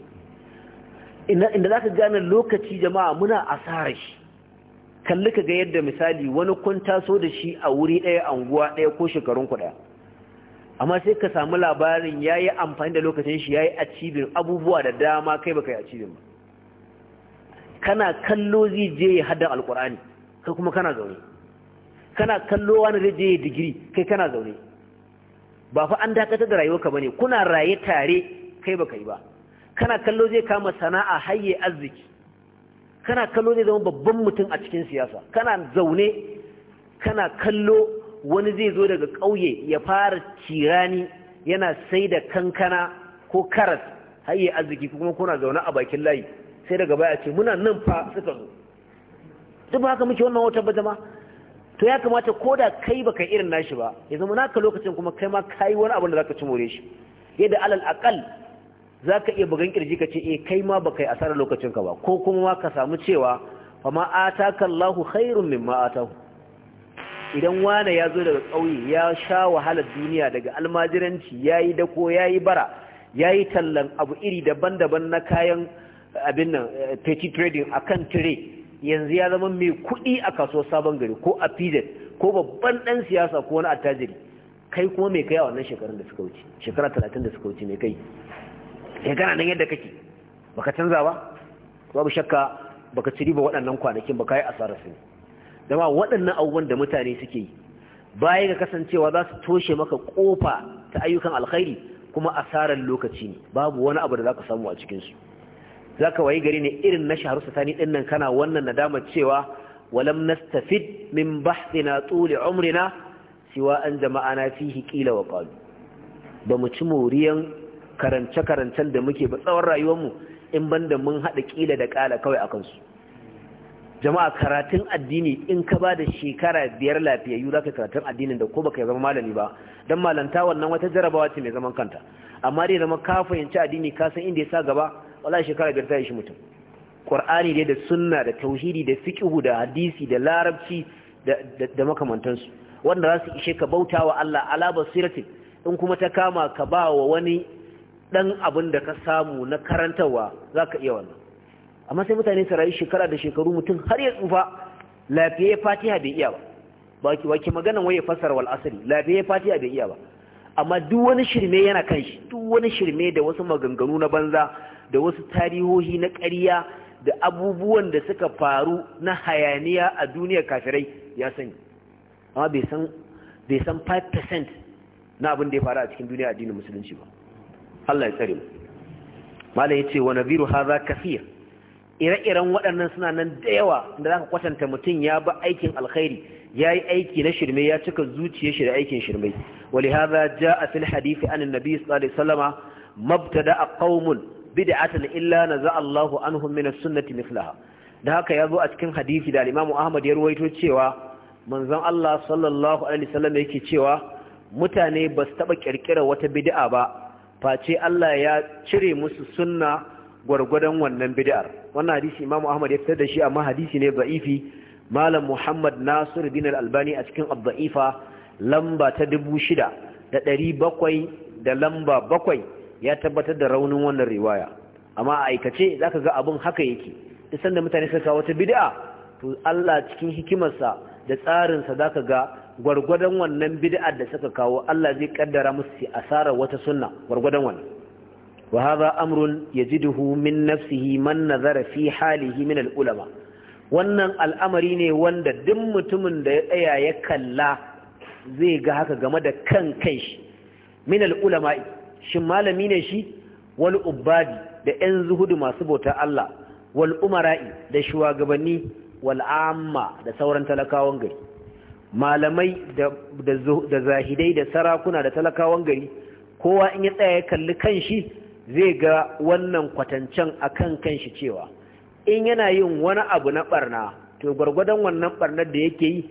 ne inda za ka gane lokaci jama'a muna asara shi kalli ka ga yadda misali wani kun taso da shi a wuri ɗaya unguwa ɗaya ko shekarun ku ɗaya amma sai ka samu labarin ya yi amfani da lokacin shi ya yi acibin abubuwa da dama kai baka yi acibin ba kana kallo zai je ya hada alkur'ani kai kuma kana zaune kana kallo wani zai je ya digiri kai kana zaune ba fa an dakatar da rayuwa ka bane kuna raye tare kai baka yi ba kana kallo zai kama sana'a hayye arziki kana kallo ne zama babban mutum a cikin siyasa kana zaune kana kallo wani zai zo daga ƙauye ya fara tirani yana sai da kankana ko karas har arziki kuma kuna zaune a bakin layi sai daga baya ce muna nan fa suka zo duk haka muke wannan wata ba jama to ya kamata ko da kai baka irin nashi ba ya zama naka lokacin kuma kai ma kayi wani abin da zaka ci more shi yadda alal aqal za ka iya bugan kirji ka ce eh kai ma ba kai asarar ka ba ko kuma ma ka samu cewa fa ma ataka Allahu khairun mimma atahu idan wane ya zo daga ƙauye ya sha wahalar duniya daga almajiranci ya yi dako ya yi bara ya yi tallan abu iri daban-daban na kayan eh, abin nan eh, petty trading a kan tire yanzu ya zama mai kuɗi a kasuwar sabon gari ko a pz ko babban ɗan siyasa ko wani attajiri kai kuma mai kai a wannan shekarun da suka wuce shekara talatin da suka wuce mai kai sai eh, kana nan yadda kake baka canza ba babu shakka baka ci ba waɗannan kwanakin baka yi asara su dama waɗannan abubuwan da mutane suke yi baya ga kasancewa za su toshe maka kofa ta ayyukan alkhairi kuma asarar lokaci ne babu wani abu da za ka samu a cikinsu za ka wayi gari ne irin na shaharu satani ɗin nan kana wannan nadamar cewa walam nastafid min bahthina tuli umrina siwa an jama'ana fihi qila wa qalu ba mu ci moriyan karance-karancen da muke ba tsawon rayuwarmu in banda mun haɗa ƙila da ƙala kawai a kansu jama'a karatun addini in ka ba da shekara biyar lafiyayyu za ka karatun addinin da ko baka zama malami ba don malanta wannan wata jarabawa ce mai zaman kanta amma dai zama ka fahimci addini ka san inda ya sa gaba wala shekara biyar ta yi shi mutum qur'ani dai da sunna da tauhidi da fiqhu da hadisi da larabci da makamantansu wanda za su ishe ka bauta wa Allah ala basiratin in kuma ta kama ka ba wa wani dan abin da ka samu na karantarwa ka iya wannan amma sai mutane su rayu shekara da shekaru mutum har ya tsufa lafiya fatiha bai iya ba baki wake maganan waye fasar wal asri lafiya fatiha bai iya ba amma duk wani shirme yana kan shi duk wani shirme da wasu maganganu na banza da wasu tarihohi na ƙarya da abubuwan da suka faru na hayaniya a duniyar kafirai ya sani amma bai san 5% na abin da ya faru a cikin duniya addinin musulunci ba Allah ya tsare mu mala yace wa nabiru hadha kaseer ire-iren waɗannan suna nan da yawa da zaka kwatanta mutum ya ba aikin alkhairi yayi aiki na shirme ya cika zuciyar shi da aikin shirme wali hadha jaa fil hadith an annabi sallallahu alaihi wasallama mabtada'a qaumun bid'atan illa naza Allahu anhum min as-sunnati mithlaha da haka yazo a cikin hadisi da Imam Ahmad ya ruwaito cewa manzon Allah sallallahu alaihi wasallam yake cewa mutane ba su taba kirkira wata bid'a ba face Allah ya cire musu sunna gwargwadon wannan bid'ar wannan hadisi Imam Ahmad ya fitar da shi amma hadisi ne da'ifi Malam Muhammad Nasir bin Al-Albani a cikin ad lamba ta dubu shida da ɗari bakwai da lamba bakwai ya tabbatar da raunin wannan riwaya amma a aikace zaka ga abin haka yake isan sanda mutane suka kawo ta bid'a to Allah cikin hikimarsa da tsarinsa zaka ga gwargwadon wannan bid'ar da suka kawo Allah zai kaddara musu su asara wata sunna gwargwadon wannan wa hadha amrun yajiduhu min nafsihi man nazara fi halihi min al-ulama wannan al'amari ne wanda duk mutumin da ya tsaya ya kalla zai ga haka game da kan kai shi min al-ulama shin malami ne shi wal ubadi da yan zuhudu masu bautar Allah wal umara'i da shugabanni wal amma da sauran talakawan gari malamai da zahidai da sarakuna da talakawan gari kowa in ya tsaya ya kalli shi, zai ga wannan kwatancen a kan shi cewa in yana yin wani abu na barna to gwargwadon wannan barnar da yake yi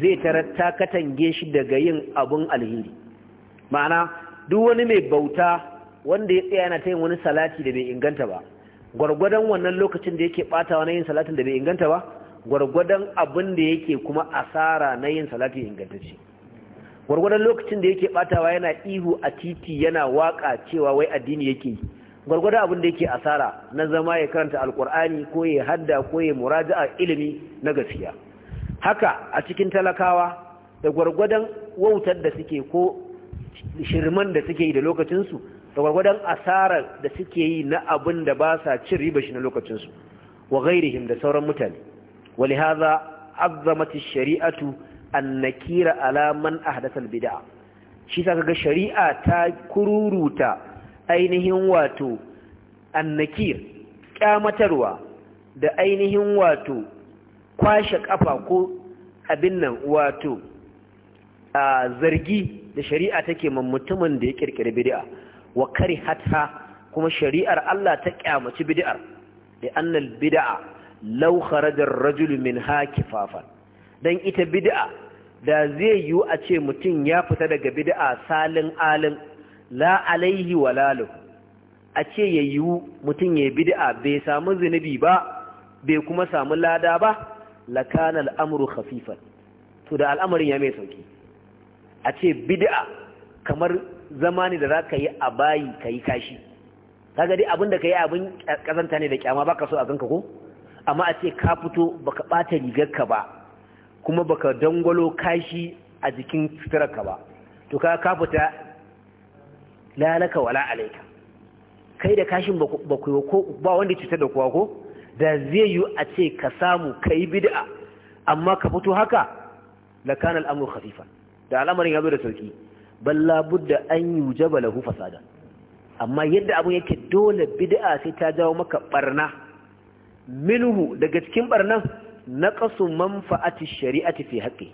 zai tarar ta katange shi daga yin abun alhiri ma'ana duk wani mai bauta wanda ya tsaya yana ta yin wani salati da bai inganta ba gwargwadon wannan lokacin da yake bata wani yin salatin da bai inganta ba gwargwadon abin da yake kuma asara na yin salati ingantacce gwargwadon lokacin da yake batawa yana ihu a titi yana waka cewa wai addini yake yi gwargwadon abin da yake asara na zama ya karanta alkur'ani ko ya hadda ko ya a ilimi na gaskiya haka a cikin talakawa da gwargwadon wautar da suke ko shirman da suke yi da lokacinsu da gwargwadon asarar da suke yi na abin da ba sa cin riba shi na lokacinsu wa gairihim da sauran mutane ولهذا عظمت الشريعة النكير على من أحدث البدع shi sa kaga shari'a ta kururuta ainihin wato annakir kyamatarwa da ainihin wato kwashe ƙafa ko abin nan wato zargi da shari'a take man mutumin da ya kirkiri bid'a wa karihata kuma shari'ar Allah ta ƙyamaci bid'ar da annal bid'a law kharaja ar-rajulu minha kifafan dan ita bid'a da zai yi a ce mutum ya fita daga bid'a salin alin la alaihi walalu a ce ya yi mutum ya bid'a bai samu zunubi ba bai kuma samu lada ba lakana al'amuru khafifan to da al'amarin ya mai sauki a ce bid'a kamar zama ne da za ka yi a bayi ka yi kashi kaga dai abin da ka yi abin ƙazanta ne da kyama baka so a ganka ko amma a ce ka fito baka bata rigarka ba kuma baka dangwalo kashi a jikin suturarka ba to ka ka fita lalaka wala alaika kai da kashin ba ko ba wanda cutar da kowa ko da zai yi a ce ka samu kai bid'a amma ka fito haka la kana al'amru khafifan da al'amarin ya zo da sauki bal la budda an yujaba lahu fasada amma yadda abun yake dole bid'a sai ta jawo maka barna minuhu daga cikin barnan naqasu manfa'ati shari'ati fi haqqi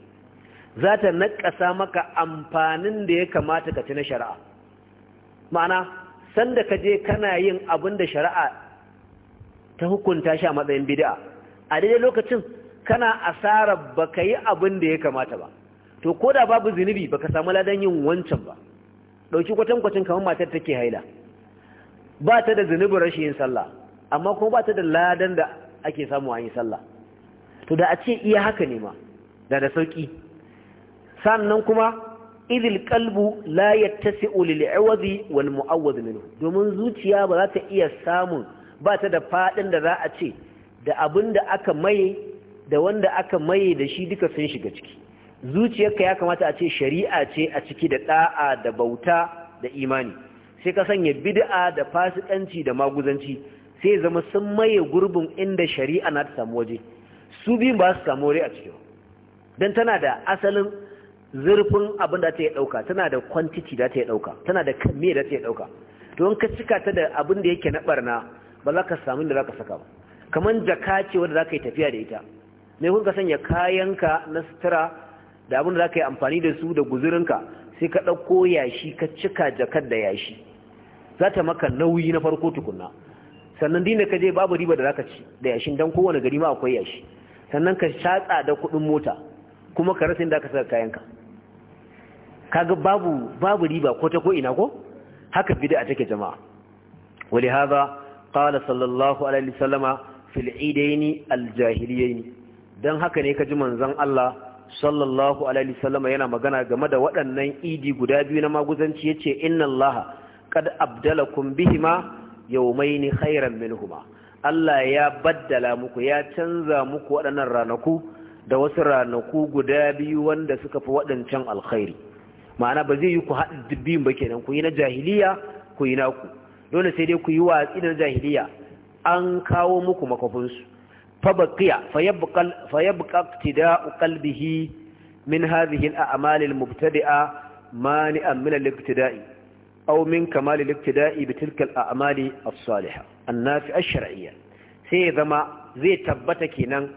za ta naƙasa maka amfanin da ya kamata ka ci na shari'a ma'ana sanda ka je kana yin abin da shari'a ta hukunta shi a matsayin bid'a a daidai lokacin kana asarar baka yi abin da ya kamata ba to ko da babu zunubi baka samu ladan yin wancan ba dauki kwatankwacin kamar matar take haila ba ta da zunubin rashin yin sallah amma kuma ba ta da ladan da ake samu an yi sallah to da a ce iya haka ne ma da da sauki sannan kuma idil qalbu la yattasi'u lil iwazi wal mu'awwaz minhu domin zuciya ba za ta iya samun ba ta da fadin da za a ce da abinda aka maye da wanda aka maye da shi duka sun shiga ciki zuciyarka ya kamata a ce shari'a ce a ciki da da'a da bauta da imani sai ka sanya bid'a da fasikanci da maguzanci sai zama sun maye gurbin inda shari'a na ta samu waje su biyun ba su samu wuri a ciki don tana da asalin zurfin abin da ta yi ɗauka tana da kwantiti da ta yi ɗauka tana da kame da ta yi ɗauka to in ka cika ta da abin da yake na barna ba za ka samu da za ka saka ba kamar jaka ce wanda za ka yi tafiya da ita mai kun ka sanya kayanka na sutura da abin da za ka yi amfani da su da guzurinka sai ka ɗauko yashi ka cika jakar da yashi za ta maka nauyi na farko tukunna sannan dina ka je babu riba da zaka ci da yashin dan kowane gari ma akwai yashi sannan ka shatsa da kuɗin mota kuma ka rasa inda ka saka kayanka kaga babu babu riba ko ta ko ina ko haka bid'a take jama'a ولهذا haza? صلى sallallahu عليه وسلم في العيدين الجاهليين dan haka ne ka ji manzon Allah sallallahu alaihi wasallam yana magana game da waɗannan idi guda biyu na maguzanci yace inna Allah qad abdalakum bihima ni khairan minhuma Allah ya baddala muku ya canza muku waɗannan ranaku da wasu ranaku guda biyu wanda suka fi waɗancan alkhairi ma'ana ba zai yi ku haɗa dubbin ba kenan ku yi na jahiliya ku yi naku dole sai dai ku yi watsi na jahiliya an kawo muku makwafinsu fabaqiya fayabqa iqtida'u qalbihi min hadhihi al-a'mal mubtadia mani'an min al-iqtida'i أو من كمال الابتداء بتلك الأعمال الصالحة النافعة الشرعية سيذا ما زي تبتكي نان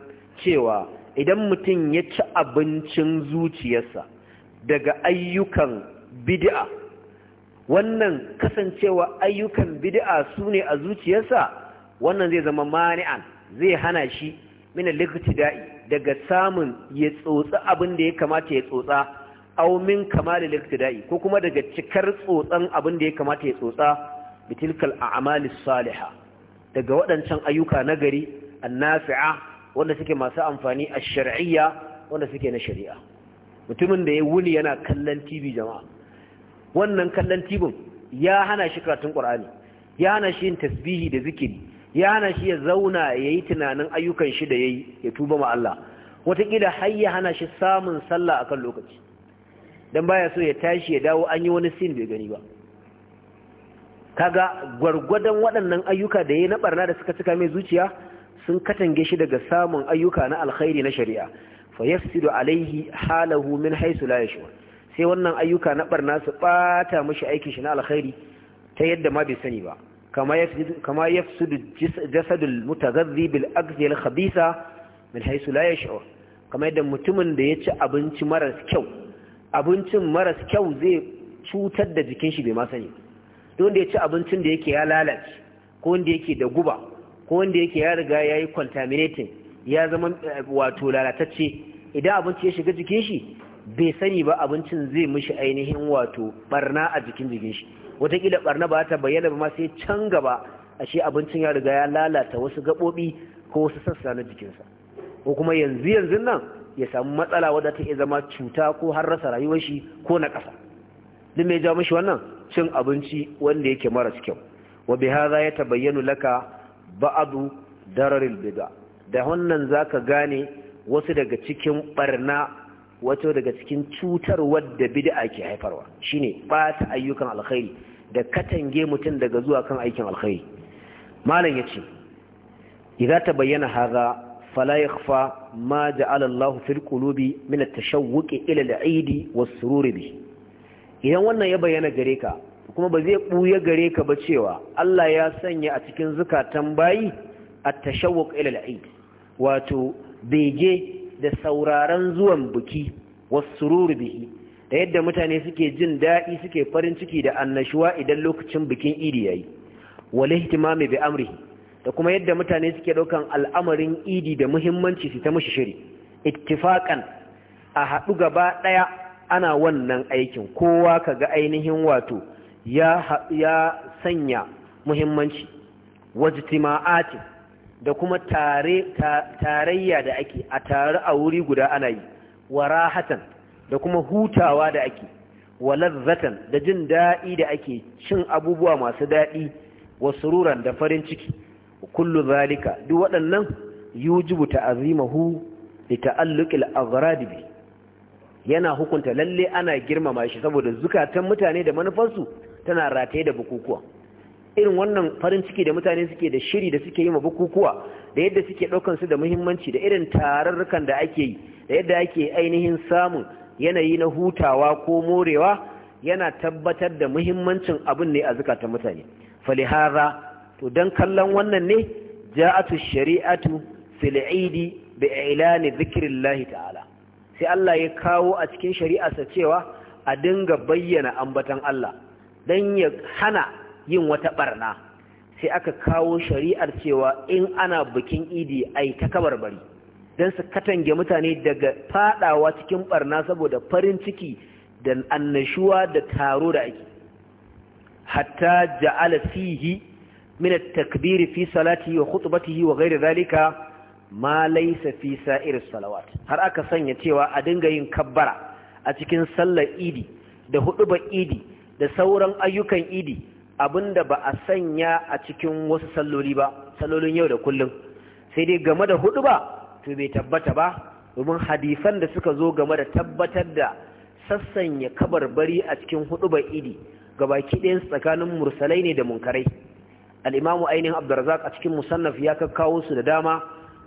cewa idan mutum ya ci abincin zuciyarsa daga ayyukan bid'a wannan kasancewa ayyukan bid'a sune a zuciyarsa wannan zai zama mani'an zai hana shi mina likitida'i daga samun ya tsotsa abin da ya kamata ya tsotsa aw min kamal al-iktida'i ko kuma daga cikar tsotsan abin da ya kamata ya tsotsa bitilkal a'mal as-saliha daga waɗancan ayyuka na gari annafi'a wanda suke masu amfani ash-shar'iyya wanda suke na shari'a mutumin da ya wuni yana kallon TV jama'a wannan kallon TV ya hana shi karatun Qur'ani ya hana shi yin tasbihi da zikiri ya hana shi ya zauna yayi tunanin ayyukan shi da yayi ya tuba ma Allah wataƙila har ya hana shi samun sallah akan lokaci dan baya so ya tashi ya dawo an yi wani sin bai gani ba kaga gwargwadon waɗannan ayyuka da ya na barna da suka cika mai zuciya sun katange shi daga samun ayyuka na alkhairi na shari'a fa yafsidu alaihi halahu min haythu la yashu sai wannan ayyuka na barna su bata mishi aikin shi na alkhairi ta yadda ma bai sani ba kama yafsidu kama yafsidu jasadul mutagazzi bil aghzi al khabisa min haythu la yashu kama yadda mutumin da ya ci abinci maras kyau abincin maras kyau zai cutar da jikin shi bai ma sani don da ya ci abincin da yake ya lalace ko wanda yake da guba ko wanda yake ya riga ya yi contaminating ya zama eh, wato lalatacce idan abinci ya shiga jikin shi bai sani ba abincin zai mishi ainihin wato barna a jikin jikin shi watakila barna ba ta bayyana ba ma sai can gaba a shi abincin ya riga ya lalata wasu gaɓoɓi ko wasu sassa na jikinsa ko kuma yanzu yanzu nan ya samu matsala wadda ta iya zama cuta ko har rasa rayuwar shi ko na ƙasa duk mai ja mashi wannan cin abinci wanda yake maras kyau wa bi hadha ya tabayyanu laka ba'du dararil bid'a da wannan zaka gane wasu daga cikin ɓarna wato daga cikin cutar wadda bid'a ke haifarwa shine bata ayyukan alkhairi da katange mutum daga zuwa kan aikin alkhairi malam yace idza tabayyana hadha fala yakhfa ما جعل الله في القلوب من التشوق الى العيد والسرور به idan wannan ya bayyana gare ka kuma ba zai buya gare ka ba cewa Allah ya sanya a cikin zukatan bayi at-tashawwuq ila al-eid wato bege da sauraron zuwan biki was-surur bihi da yadda mutane suke jin daɗi suke farin ciki da annashuwa idan lokacin bikin idi yayi wal ihtimami bi amrihi da kuma yadda mutane suke ɗaukan al'amarin idi da muhimmanci su ta mashi shiri ittifaƙan a haɗu gaba ɗaya ana wannan aikin kowa ka ga ainihin wato ya sanya muhimmanci wajtima'ati da kuma tarayya da ake a tare a wuri guda ana yi warahatan da kuma hutawa da ake walazzatan, da jin daɗi da ake cin abubuwa masu daɗi wasururan da farin ciki kullu zalika duk waɗannan yujibu ta'azimahu li ta'alluqil aghrad bi yana hukunta lalle ana girmama shi saboda zukatan mutane da manufarsu tana rataye da bukukuwa irin wannan farin ciki da mutane suke da shiri da suke yi ma bukukuwa da yadda suke ɗaukan su da muhimmanci da irin tararrukan da ake yi da yadda ake ainihin samun yanayi na hutawa ko morewa yana tabbatar da muhimmancin abin ne a zukatan mutane falihara to dan kallon wannan ne ja'atu shari'atu fil eid bi ilani dhikrillah ta'ala sai Allah ya kawo a cikin shari'arsa cewa a dinga bayyana ambatan Allah dan ya hana yin wata barna sai aka kawo shari'ar cewa in ana bikin idi ai ta kabarbari dan su katange mutane daga fadawa cikin barna saboda farin ciki da annashuwa da taro da ake hatta ja'ala fihi من التكبير في صلاته وخطبته وغير ذلك ما ليس في سائر الصلوات har aka sanya cewa a dinga yin kabbara a cikin sallar idi da hudubar idi da sauran ayyukan idi abinda ba a sanya a cikin wasu salloli ba sallolin yau da kullum sai dai game da ba, to bai tabbata ba domin hadisan da suka zo game da tabbatar da sassanya kabarbari a cikin hudubar idi gabaki ɗayan tsakanin mursalai ne da munkarai al'imamu ainihin abdurazak a cikin musannaf ya kakkawo su da dama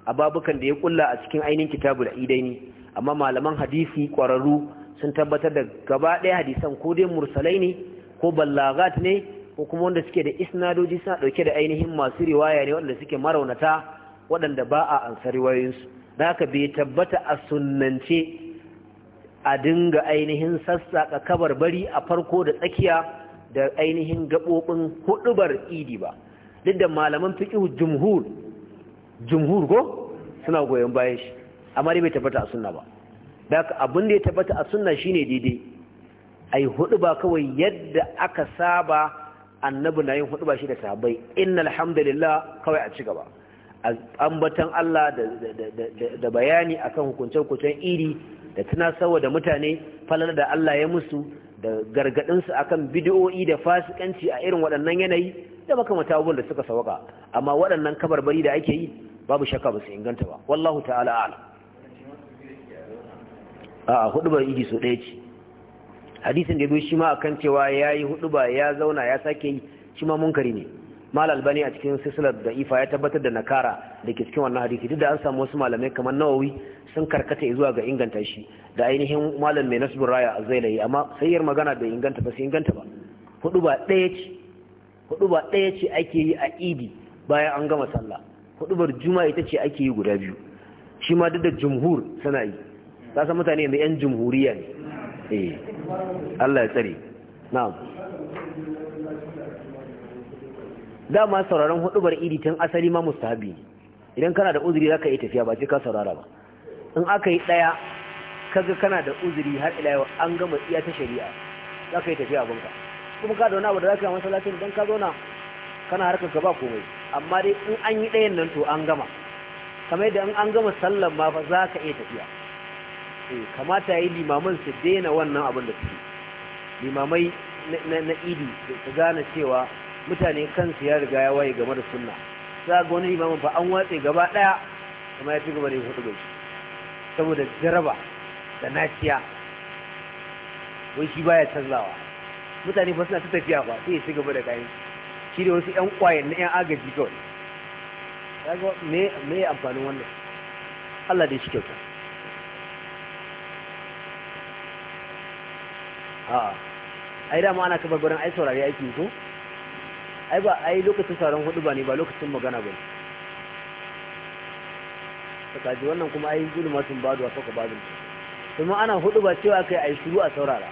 a babukan da ya kulla a cikin ainihin kitabu da idani amma malaman hadisi ƙwararru sun tabbatar da gaba ɗaya hadisan ko dai mursalai ne ko ballagat ne ko kuma wanda suke da isnadoji suna ɗauke da ainihin masu riwaya ne waɗanda suke maraunata waɗanda ba a ansa riwayoyinsu da haka bai tabbata a sunnance a dinga ainihin sassaƙa bari a farko da tsakiya da ainihin gaɓoɓin huɗubar idi ba duk da malaman fiƙihu jumhur jumhur ko suna goyon bayan shi amma dai bai tabbata a sunna ba da ka abin da ya tabbata a sunna shine daidai ai yi huɗuba kawai yadda aka saba annabi na yin huɗuba shi da sahabbai innal alhamdulillah kawai a ci gaba ambatan Allah da bayani akan hukuncen hukuncen iri da tana sawa da mutane falala da Allah ya musu da gargadinsu akan bidiyo'i da fasikanci a irin waɗannan yanayi da makamata abubuwan da suka sawaka amma waɗannan kabarbari da ake yi babu shakka ba su inganta ba wallahu ta'ala ala a hudubar iji so ɗaya ce hadisin da biyu shi ma akan cewa ya yi huduba ya zauna ya sake yi shi ma munkari ne mal albani a cikin silsilar da ifa ya tabbatar da nakara da ke cikin wannan hadisi duk da an samu wasu malamai kamar nawawi sun karkata zuwa ga inganta shi da ainihin malam mai nasbur raya azzailai amma sayyar magana bai inganta ba sai inganta ba hudu ba ɗaya ce hudu ba ɗaya ce ake yi a idi bayan an gama sallah hudu bar juma'a ita ce ake yi guda biyu shi ma duk da jumhur suna yi ka san mutane mai yan jumhuriya ne eh Allah ya tsare na'am dama sauraron hudubar idi tun asali ma mustahabi ne idan kana da uzuri zaka yi tafiya ba sai ka saurara ba in aka yi daya kaga kana da uzuri har ila yau an gama iya ta shari'a zaka yi tafiya ka kuma ka da wani abu da zaka yi masallacin dan ka zauna kana harkar ka ba komai amma dai in an yi dayan nan to an gama kamar yadda in an gama sallan ma fa zaka iya tafiya eh kamata yi limaman su daina wannan abin da suke limamai na idi su gane cewa mutane kansu ya riga ya waye game da sunna za ga wani imamin fa an watse gaba daya kuma ya ci gaba da hudu gaji saboda jaraba da naciya wai shi baya canzawa mutane fa suna ta tafiya ba sai ya ci gaba da kayan shi da wasu yan kwaye na yan agaji kawai ga me me amfanin wannan Allah da shi kyauta a ai da ma ana kaba gurin ai saurari aiki ko ai ba ai lokacin tsaron hudu ba ne ba lokacin magana ba ne kaji wannan kuma ai gudu masu badu a saka badu kuma ana hudu ba cewa aka yi a yi shuru a saurara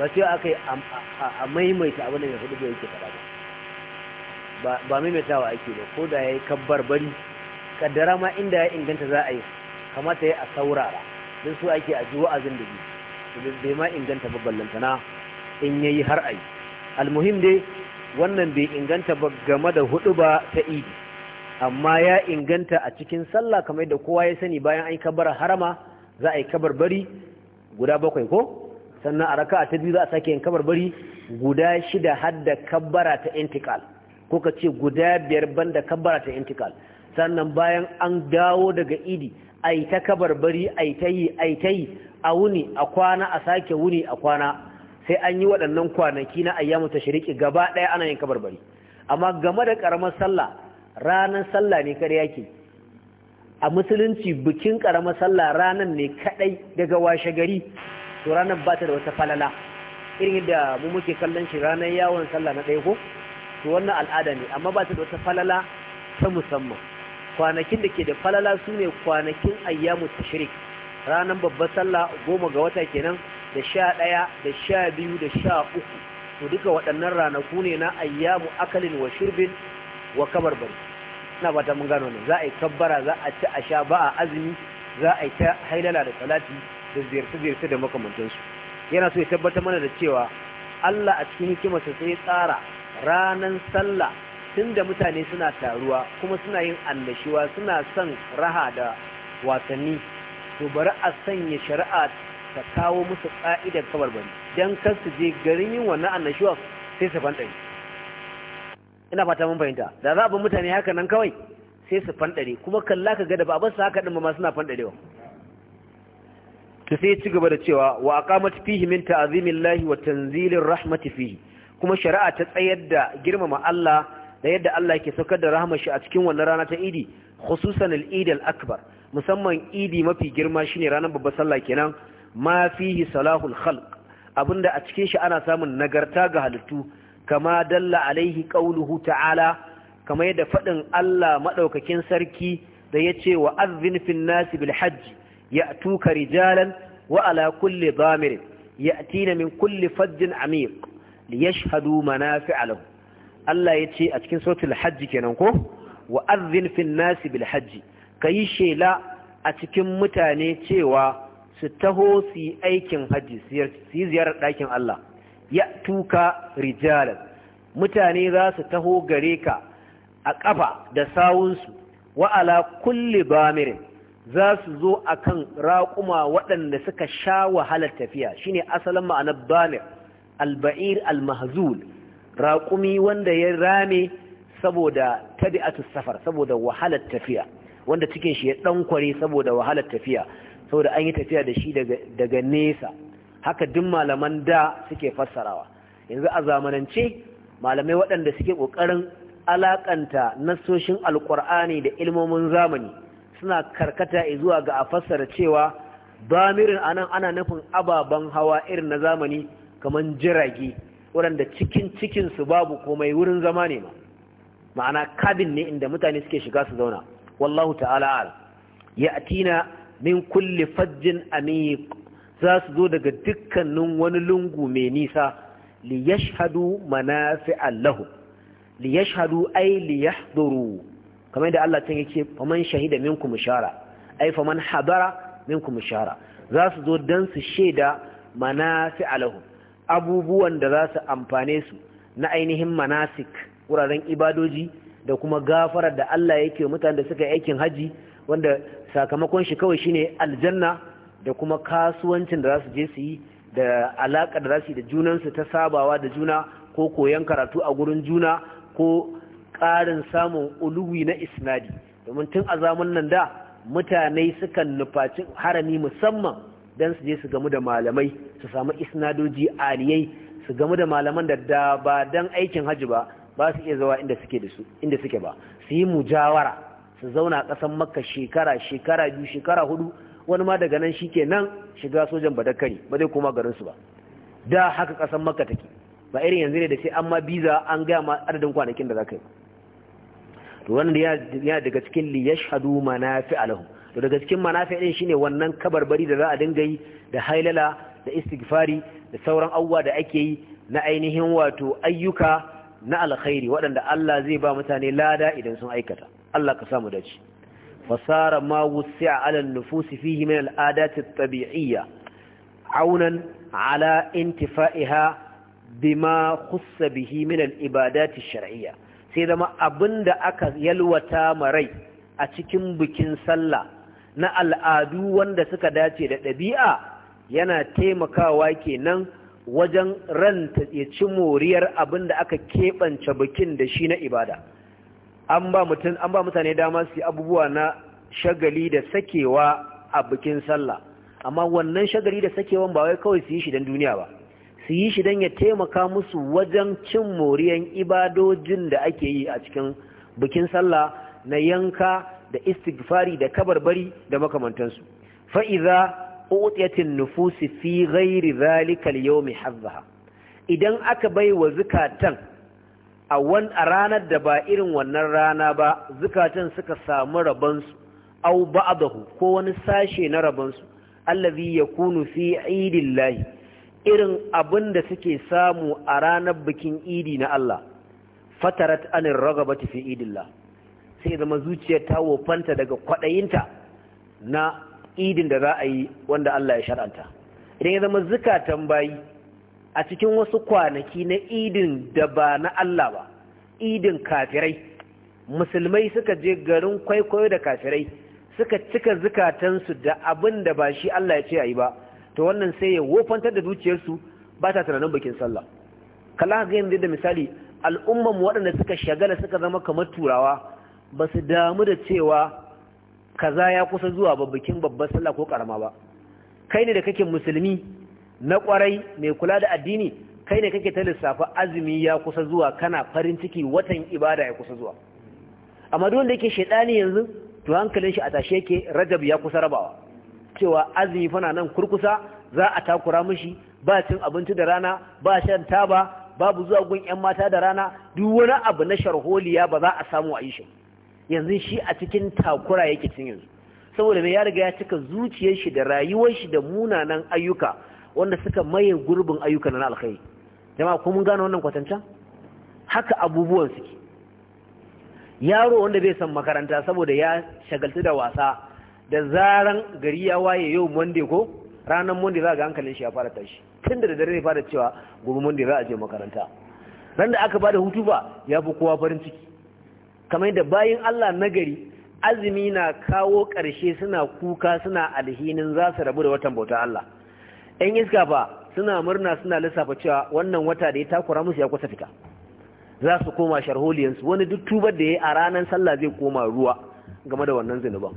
ba cewa aka yi a maimaita abin da mai hudu ba yake faɗa ba ba maimaitawa ake ba ko da ya yi kabbar bari kaddara ma inda ya inganta za a yi kamata ya a saurara don su ake a ji wa'azin da bi bai ma inganta babban lantana in yayi har ayi al almuhim dai wannan bai inganta ba game da hudu ba ta idi amma ya inganta a cikin sallah kamar da kowa ya sani bayan an yi kabar harama za a yi kabar bari guda bakwai ko sannan a raka ta biyu za a sake yin kabar bari guda shida har da kabbara ta intikal ko ka ce guda biyar banda kabbara ta intikal sannan bayan an dawo daga idi a yi ta kabar bari a yi ta yi a yi ta yi a wuni a kwana a sake wuni a kwana sai an yi waɗannan kwanaki na ayyamu tashriqi gaba ɗaya ana yin kabarbari amma game da karamar sallah ranar sallah ne kare yake a musulunci bikin karamar sallah ranar ne kaɗai daga washe gari to ranar ba ta da wata falala irin yadda mu muke kallon shi ranar yawon sallah na ɗaya ko to wannan al'ada ne amma ba ta da wata falala ta musamman kwanakin da ke da falala su ne kwanakin ayyamu tashrik ranar babbar sallah goma ga wata kenan da sha ɗaya da sha biyu da sha uku to duka waɗannan ranaku ne na ayyamu akalin wa shirbin wa kabarbari ina ba ta mun gano ne za a yi kabbara za a ci a sha ba a azumi za a yi ta hailala da salati da ziyarce-ziyarce da makamantansu yana so ya tabbatar mana da cewa Allah a cikin hikimarsa sai tsara ranan sallah tun da mutane suna taruwa kuma suna yin annashuwa suna son raha da wasanni to bari a sanya shari'a ka kawo musu ka'idar kabarbari don kar su je garin yin wannan annashuwa sai su fanɗari ina fata mun fahimta da za a bi mutane haka nan kawai sai su fanɗare kuma kalla ka ga da ba a su haka ɗin ma suna fanɗarewa Ta sai ci gaba da cewa wa aqamat fihi min ta'zimillahi wa tanzilir rahmati fihi kuma shari'a ta tsayar da girmama Allah da yadda Allah ke saukar da rahmar shi a cikin wannan rana ta Idi khususan al-Eid al-Akbar musamman Idi mafi girma shine ranar babbar sallah kenan ma fihi salahul khalq abinda a cikin shi ana samun nagarta ga halittu kama dalla alaihi qauluhu ta'ala kama yadda fadin Allah madaukakin sarki da yace wa azzin fil nas bil hajj ya'tuka rijalan wa ala kulli damir ya'tina min kulli fajjin amiq liyashhadu manafi'a lahu Allah yace a cikin suratul hajj kenan ko wa azzin fil nas bil hajj kayi shela a cikin mutane cewa su taho su yi aikin hajji su yi ziyarar ɗakin Allah ya tuka rijalan mutane za su taho gare ka a ƙafa da sawunsu wa'ala kulli bamirin za su zo a kan raƙuma waɗanda suka sha wahalar tafiya shine asalin ma'anar bamir alba'ir almahzul raƙumi wanda ya rame saboda tabi'atu safar saboda wahalar tafiya wanda cikin shi ya ɗankware saboda wahalar tafiya saboda an yi tafiya da shi daga nesa haka duk malaman da suke fassarawa yanzu a zamanance malamai waɗanda suke ƙoƙarin alaƙanta nasoshin alƙur'ani da ilmomin zamani suna karkata zuwa ga a fassara cewa damirin anan ana nufin ababen hawa irin na zamani kamar jirage waɗanda cikin cikinsu babu komai wurin zama ne ma ma'ana kabin ne inda mutane suke shiga su zauna wallahu ta'ala ya atina min kulli fajjin amiq za su zo daga dukkanin wani lungu mai nisa li yashhadu manafi allahu li yashhadu ay li yahduru kamar da Allah tan yake faman shahida minkum shara ay faman hadara minkum shara za su zo dan su sheda manafi'a lahu abubuwan da za su amfane su na ainihin manasik wuraren ibadoji da kuma gafarar da Allah yake mutanen da suka yi aikin haji wanda sakamakon shi kawai shine aljanna da kuma kasuwancin da za su je su yi da alaƙa da za su yi da junansu ta sabawa da juna ko koyon karatu a gurin juna ko ƙarin samun uluwi na isnadi domin tun a zaman nan da mutane sukan nufaci harami musamman don su je su gamu da malamai su samu isnadoji aliyai su gamu da malaman da da ba don aikin hajji ba ba su iya zawa inda suke ba su yi mujawara su zauna a ƙasan makka shekara shekara biyu shekara hudu wani ma daga nan shi nan shiga sojan badakari ba zai koma garinsu ba da haka ƙasan makka take ba irin yanzu ne da sai an ma biza an gaya ma adadin kwanakin da za ka yi to wannan yana daga cikin li yashhadu manafi alahu, to daga cikin manafi din shine wannan kabarbari da za a dinga yi da hailala da istighfari da sauran abubuwa da ake yi na ainihin wato ayyuka na alkhairi waɗanda Allah zai ba mutane lada idan sun aikata Allah ka samu dace fasara ma wusi'a ala an fihi min al at-tabi'iyya aunan ala intifa'iha bima khussa bihi min al ash-shar'iyya sai zama abinda aka yalwata marai a cikin bikin sallah na al'adu wanda suka dace da ɗabi'a yana taimakawa kenan wajen ranta ya ci moriyar abin da aka keɓance bikin da shi na ibada an ba mutum an ba mutane dama su abubuwa na shagali da sakewa a bikin sallah amma wannan shagali da sakewan ba wai kawai su yi shi dan duniya ba su yi shi dan ya taimaka musu wajen cin moriyan ibadojin da ake yi a cikin bikin sallah na yanka da istighfari da kabarbari da makamantansu fa iza utiyatin nufusi fi ghairi zalika al-yawmi hazzaha idan aka bai wa zakatan a ranar da ba irin wannan rana ba zukatan suka samu rabansu au ba'dahu ko wani sashe na rabansu allazi yakunu fi idillahi irin abin da suke samu a ranar bikin idi na Allah fatarat anir ragabati fi idillah sai zama zuciyar ta wofanta daga kwadayinta na idin da za a yi wanda Allah ya shar'anta idan ya zama zukatan bayi a cikin wasu kwanaki na idin da ba na Allah ba idin kafirai musulmai suka je garin kwaikwayo da kafirai suka cika zukatansu da abin da ba shi Allah ya ce a yi ba to wannan sai ya wofantar da dukiyarsu ba ta tunanin bikin sallah kala ga yanzu da misali al'ummar waɗanda suka shagala suka zama kamar turawa ba su damu da cewa kaza ya kusa zuwa ba bikin babbar sallah ko ƙarama ba kai ne da kake musulmi na kwarai mai kula da addini kai ne kake ta lissafa azumi ya kusa zuwa kana farin ciki watan ibada ya kusa zuwa amma duk wanda yake shedani yanzu to hankalin shi a tashe yake rajab ya kusa rabawa cewa azumi fana nan kurkusa za a takura mishi ba cin abinci da rana ba shan taba babu zuwa gun yan mata da rana duk wani abu na sharholiya ba za a samu a yi shi yanzu shi a cikin takura yake cin yanzu saboda mai ya riga ya cika zuciyar shi da rayuwar shi da munanan ayyuka wanda suka maye gurbin ayyukan na alkhairi jama'a ko mun gane wannan kwatancan haka abubuwan suke yaro wanda bai san makaranta saboda ya shagaltu da wasa da zaran gari ya waye yau monday ko ranar monday za ga hankalin shi ya fara tashi tun da dare ya fara cewa gobe monday za a je makaranta ran da aka bada hutu ba ya fi kowa farin ciki kamar da bayin Allah na gari azumi na kawo ƙarshe suna kuka suna alhinin za su rabu da watan bauta Allah 'yan iska ba suna murna suna lissafa cewa wannan wata da ya takura musu ya kusa fita za su koma sharholiyansu wani duk tubar da ya yi a ranar sallah zai koma ruwa game da wannan zunuban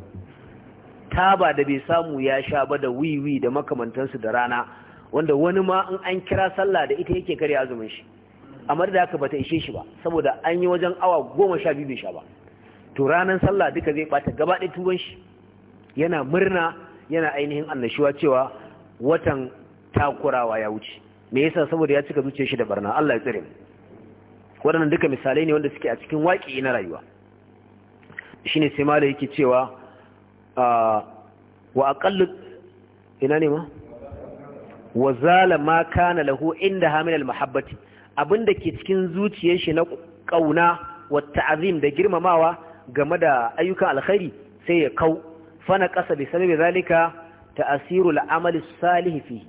ta ba da bai samu ya sha ba da wiwi da makamantansu da rana wanda wani ma in an kira sallah da ita yake karya azumin shi amma da haka bata ishe shi ba saboda an yi wajen awa goma sha biyu bai sha ba to ranar sallah duka zai bata gaba ɗaya tuban shi yana murna yana ainihin annashuwa cewa watan takurawa ya wuce me yasa saboda ya cika zuciyar shi da barna Allah ya tsare mu waɗannan duka misalai ne wanda suke a cikin waƙi na rayuwa shine sai mala yake cewa wa aqallu ina ne ma wa zala ma kana lahu inda hamil al mahabbati abinda ke cikin zuciyar shi na kauna wa ta'zim da girmamawa game da ayyukan alkhairi sai ya kau fana qasa bi sababi zalika ta'asirul amali salih fi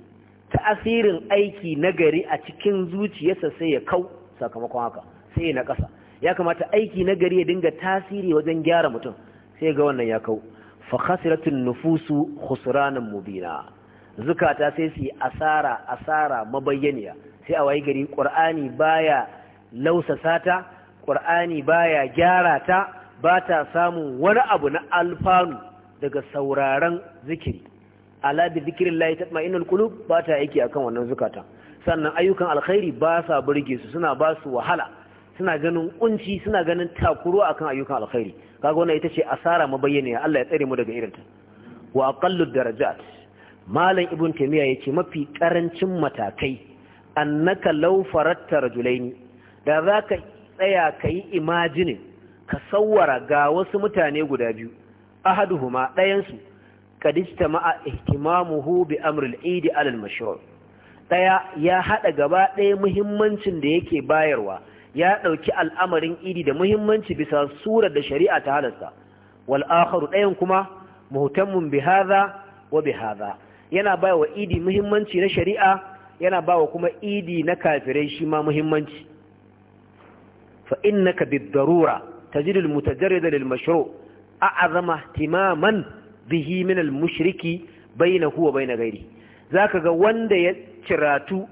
ta'asirin aiki na gari a cikin zuciyarsa sai ya kau sakamakon haka sai ya nakasa ya kamata aiki na gari ya dinga tasiri wajen gyara mutum sai ga wannan ya kau fa khasiratun nufusu khusranan mubina zukata sai su asara asara mabayyaniya sai a wayi gari qur'ani baya sata qur'ani baya gyara ta ba ta samun wani abu na alfanu daga sauraron zikiri ala bi zikrillahi tatma'innul qulub ba ta aiki akan wannan zukata sannan ayyukan alkhairi ba sa burge su suna ba su wahala suna ganin kunci suna ganin takuru akan ayyukan alkhairi kaga wannan ita ce asara ya Allah ya tsare mu daga irinta wa aqallu darajat malam ibn taymiya yace mafi karancin matakai annaka law faratta rajulaini da zaka tsaya kai imagine ka sawwara ga wasu mutane guda biyu ahaduhuma ɗayansu Ka istama'a ihtimamuhu bi amr al-eid ɗaya al ya haɗa gaba ɗaya muhimmancin da yake bayarwa ya ɗauki al'amarin idi da muhimmanci bisa surar da shari'a ta halasta wal akharu ɗayan kuma muhtammun bi hadha wa bi hadha yana bawa idi muhimmanci na shari'a yana bawa kuma idi na kafirai shi ma muhimmanci fa innaka bid darura tajidul mutajarrida lil mashru' a'azama ihtimaman bihi min al-mushriki bainahu wa bain ghairi zaka ga wanda ya ciratu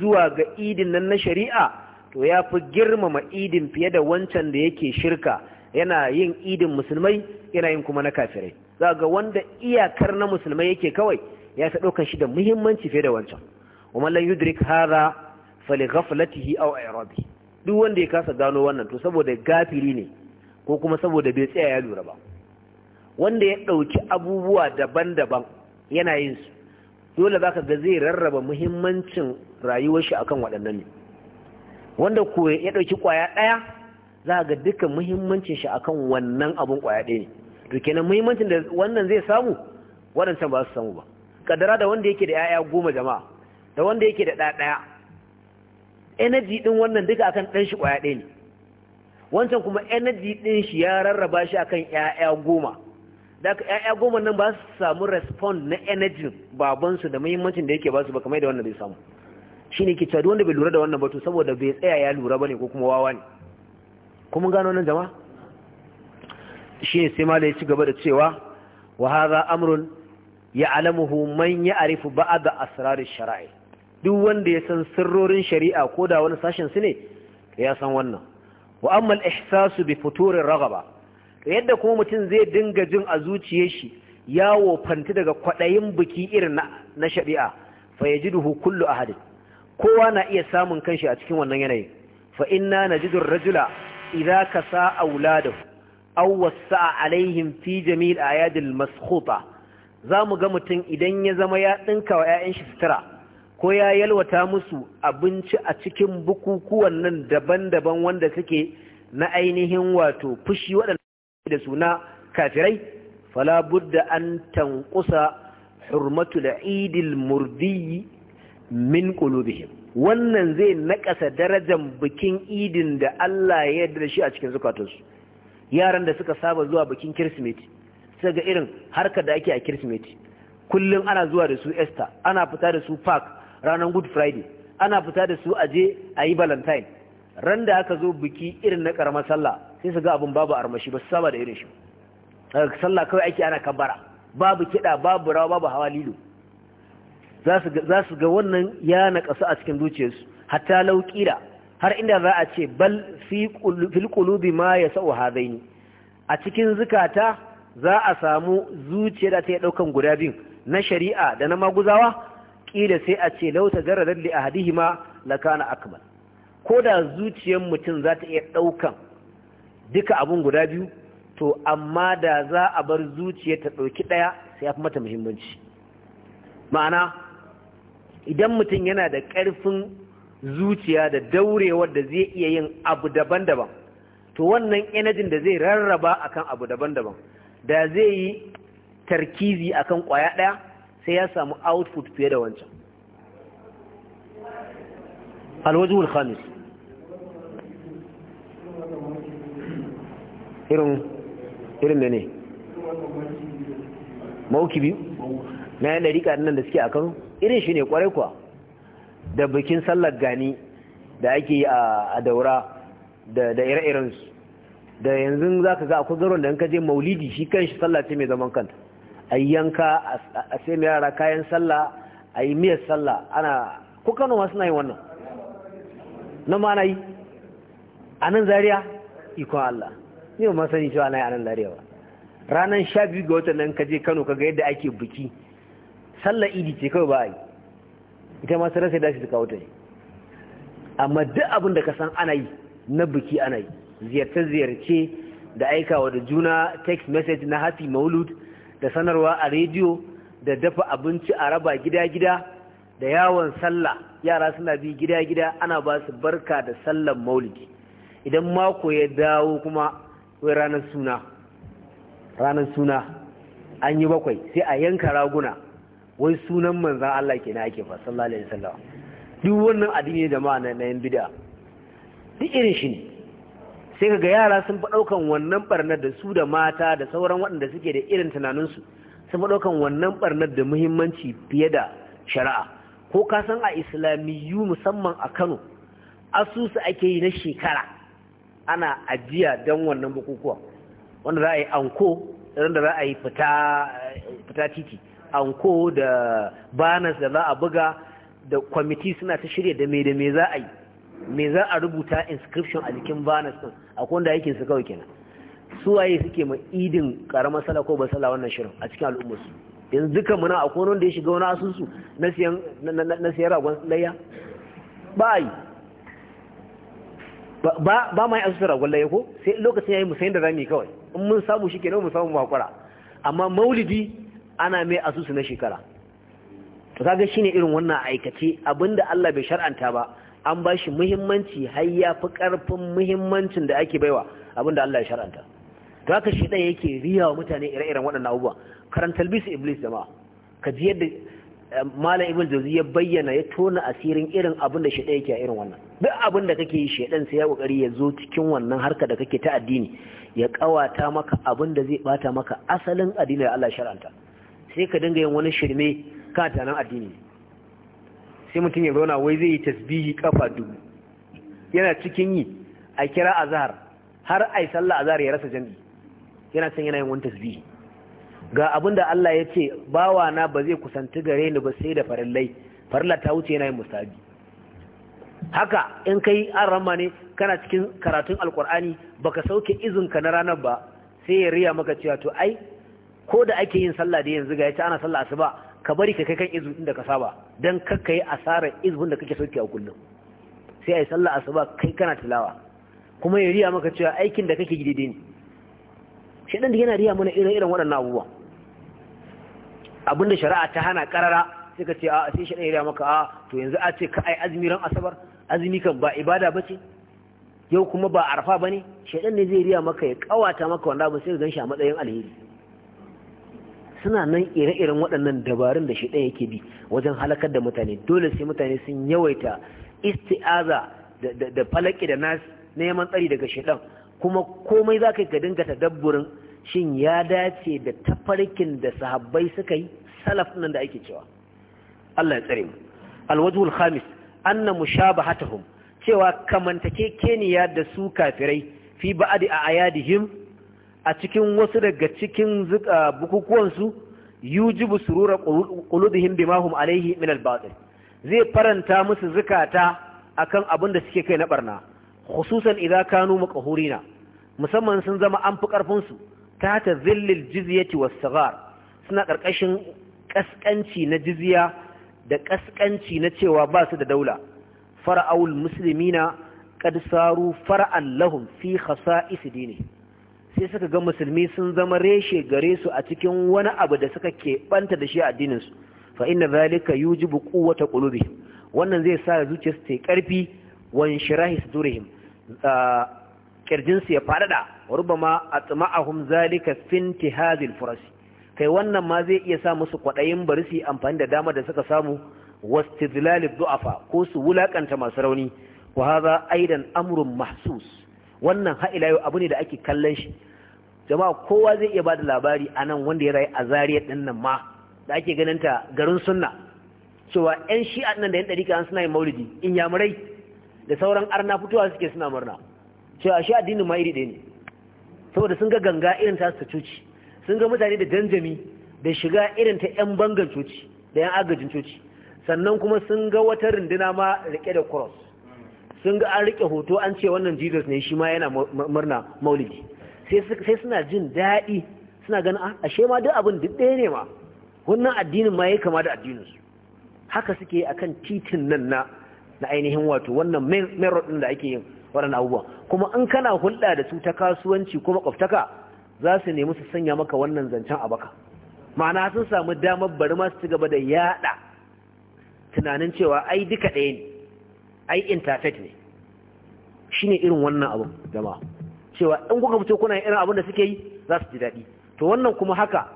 zuwa ga idin nan na shari'a to ya fi girmama idin fiye da wancan da yake shirka yana yin idin musulmai yana yin kuma na kafirai za ga wanda iyakar na musulmai yake kawai ya ta ɗaukar shi da muhimmanci fiye da wancan wa man yudrik hadha fali ghaflatihi aw irabi duk wanda ya kasa gano wannan to saboda gafiri ne ko kuma saboda bai tsaya ya lura ba wanda ya ɗauki abubuwa daban-daban yana yin su dole za ka ga zai rarraba muhimmancin rayuwar shi akan waɗannan ne wanda ko ya ɗauki ƙwaya ɗaya za ga duka muhimmancin shi akan wannan abun ƙwaya ɗaya ne to kenan muhimmancin da wannan zai samu waɗancan ba su samu ba kadara da wanda yake da 'ya'ya goma jama'a da wanda yake da ɗaya energy ɗin wannan duka akan ɗan shi ƙwaya ɗaya ne wancan kuma energy ɗin shi ya rarraba shi akan 'ya'ya goma da ƴaƴa goma nan ba su samu respond na energy babansu da muhimmancin da yake ba su ba kamar da wannan bai samu shine ke cewa wanda bai lura da wannan batu saboda bai tsaya ya lura bane ko kuma wawa ne kuma gano wannan jama'a shine sai ma da ya ci gaba da cewa wa hadha amrun ya'lamuhu man ya'rifu ba'd asrar shara'i duk wanda ya san sirrorin shari'a ko da wani sashen su ne ya san wannan wa amma al-ihsasu bi futurir raghaba yadda kuma mutum zai dinga jin a zuciyar shi ya wofanti daga kwaɗayin biki irin na shari'a fa ya ji duhu kullu a hadin kowa na iya samun kanshi a cikin wannan yanayin fa inna najidur rajula idza kasa auladahu aw wasa'a alaihim fi jami'il ayadil maskhuta mu ga mutum idan ya zama ya dinka wa ƴaƴan shi sutura ko ya yalwata musu abinci a cikin bukukuwan nan daban-daban wanda suke na ainihin wato fushi waɗanda da suna kafirai fala budda an tanqusa hurmatu idil murdiyi murdi min qulubihim wannan zai nakasa darajar bikin idin da Allah ya yarda shi a cikin zukatunsu yaran da suka saba zuwa bikin kirsimeti suka ga irin harka da ake a kirsimeti kullum ana zuwa da su Easter ana fita da su park ranar good friday ana fita da su aje a yi valentine ran da aka zo biki irin na karamar sallah sai su ga abin babu armashi ba su saba da irin shi sallah kawai ake ana kabara babu kiɗa babu rawa babu hawa lilo za su ga wannan ya naƙasu a cikin zuciyarsu hatta lauƙira har inda za a ce bal fil qulubi ma yasau hadaini a cikin zukata za a samu zuciyar da ta daukan guda biyu na shari'a da na maguzawa kila sai a ce lauta law a li ahadihima lakana akmal ko da zuciyar mutum za ta iya ɗaukan duka abin guda biyu to amma da za a bar zuciya ta ɗauki ɗaya sai ya fi mata muhimmanci ma'ana idan mutum yana da ƙarfin zuciya da daurewar da zai iya yin abu daban-daban to wannan inajin da zai rarraba akan abu daban-daban da zai yi tarkizi akan kwaya ɗaya sai ya samu output fiye da wancan alwajihul khamis irin irin da ne biyu na yan dariƙa nan da suke a kan irin shi ne ƙwarai kuwa da bikin sallar gani da ake yi a daura da ire-irensu da yanzu za ka ga akwai garon da yanka je maulidi shi kan shi sallah ce mai zaman kanta a yanka a sai mai yara kayan sallah a yi miyar sallah ana ko masu na yi wannan na ma na yi a nan zariya ikon Allah Yau ba masani cewa na yi anan larewa ranar sha biyu ga watan nan ka je kano ka ga yadda ake biki sallar idi ce kawai ba a yi ita ma sarar sai dashi kawo ta yi amma duk abin da ka san ana yi na biki ana yi ziyarce-ziyarce da aikawa da juna text message na happy maulud da sanarwa a rediyo da dafa abinci a raba gida-gida da yawon sallah yara suna bi gida-gida ana ba su barka da sallar maulidi idan mako ya dawo kuma wai ranar suna ranar suna an yi bakwai sai a yanka raguna wai sunan manzan Allah ke na ake fa sallallahu alaihi duk wannan addini da ma'ana na yan bid'a duk irin shi ne sai ga yara sun faɗaukan wannan barnar da su da mata da sauran waɗanda suke da irin tunaninsu sun faɗaukan wannan barnar da muhimmanci fiye da shari'a ko ka san a islamiyyu musamman a Kano asusu ake yi na shekara ana ajiya don wannan bukukuwa wanda za a yi anko da za a yi fita titi anko da banas da za a buga da kwamiti suna ta shirya da mai da mai za a yi mai za a rubuta inscription a jikin banas din akwai wanda su kawai kenan suwaye suke ma idin karamar sala ko basala wannan shirin a cikin al'ummarsu yanzu duka muna a wanda ya shiga wani asusu na siyan ragon layya ba yi ba ma yi asusun ragon ko sai lokacin yayi musayin da yi kawai in mun samu shi kenan mun samu makwara amma maulidi ana mai asusu na shekara to kaga shine irin wannan aikace abinda Allah bai shar'anta ba an ba shi muhimmanci har ya fi karfin muhimmancin da ake baiwa abinda Allah ya shar'anta to haka shi dan yake riya wa mutane ire-iren waɗannan abubuwa karan talbis iblis jama'a ka ji yadda malam ibn jauzi ya bayyana ya tona asirin irin abin da shaidan yake a irin wannan duk abin da kake yi shaidan sai ya kokari ya zo cikin wannan harka da kake ta addini ya kawata maka abin da zai bata maka asalin addini da Allah shar'anta sai ka dinga yin wani shirme ka tanan addini sai mutum ya zauna wai zai yi tasbihi kafa dubu yana cikin yi a kira azhar har ai sallah azhar ya rasa jami'i yana son yana yin wani tasbihi ga abin da Allah ya ce bawa na ba zai kusanci gare ni ba sai da farillai farilla ta wuce yana yin musabi haka in kai an rama ne kana cikin karatun alkur'ani baka sauke izin ka na ranar ba sai ya riya maka cewa to ai ko da ake yin sallah da yanzu ga ya ci ana sallah asuba ka bari ka kai kan izu inda ka saba don kakka yi asarar izu da kake sauke a kullum sai yi sallah asuba kai kana tilawa kuma ya riya maka cewa aikin da kake gidi ne ɗan da yana riya mana irin irin waɗannan abubuwa da shari'a ta hana karara sai ka ce a sai shi ɗaya maka a to yanzu a ce ka ai azumi ran asabar azumi kan ba ibada ba ce yau kuma ba arfa ba ne? Shaidan ne zai riya maka ya ƙawata maka wanda ba sai ka shi a matsayin alheri suna nan ire-iren waɗannan dabarun da shaɗan yake bi wajen halakar da mutane dole sai mutane sun yawaita isti'aza da falaki da nas neman tsari daga shaɗan kuma komai zaka ka dinga tadabburin shin ya dace da tafarkin da sahabbai suka yi salaf nan da ake cewa Allah ya tsare mu alwajhul khamis anna mushabahatuhum cewa kamantakekeniya da su kafirai fi ba'adi a ayadihim a cikin wasu daga cikin bukukuwansu yujibu surura qulubihim bima hum alayhi min al zai faranta musu zakata akan abin da suke kai na barna khususan idza kanu maqhurina musamman sun zama an fi karfin su Tata zillil jizyati was suna karkashin kaskanci na jizya da kaskanci na cewa ba su da daula fara'aul muslimina qad saru fara'an lahum fi khasa'is dini sai suka ga musulmi sun zama reshe gare su a cikin wani abu da suka keɓanta da shi a addinin su fa inna zalika yujibu quwwata qulubihim wannan zai sa zuciyarsu ta karfi wa inshirahi sudurihim ah, kirjinsu ya faɗaɗa rubama a tsama'ahum zalika finti hazil furasi kai wannan ma zai iya sa musu kwaɗayin bari su amfani da dama da suka samu wastidlal du'afa ko su wulakanta masu rauni wa hadha aidan Amurin mahsus wannan ha'ilayo yau abu ne da ake kallon shi jama'a kowa zai iya ba da labari a nan wanda ya rayu a zariyar din nan ma da ake ganin ta garin sunna cewa yan shi'a nan da yan dariƙa suna yin maulidi inyamurai da sauran arna fitowa suke suna murna cewa shi addinin ma iri ɗaya ne saboda sun ga ganga irin ta su coci sun ga mutane da danjami da shiga irin ta 'yan bangan coci da 'yan agajin coci sannan kuma sun ga wata rundina ma rike da cross sun ga an rike hoto an ce wannan jesus ne shi ma yana murna maulidi sai suna jin daɗi suna ganin ah, ashe ma duk abin duk ɗaya ne ma wannan addinin ma ya kama da addinin su haka suke akan titin nan na ainihin wato wannan main road ɗin da ake yin waɗannan abubuwan kuma in kana hulɗa da su ta kasuwanci kuma makwabtaka za su nemi su sanya maka wannan zancen a baka ma'ana sun samu damar bari ma su ci gaba da yaɗa tunanin cewa ai duka ɗaya ne ai interfet ne shine irin wannan abin jama'a cewa in kuka fito kuna irin abin da suke yi za su ji daɗi to wannan kuma haka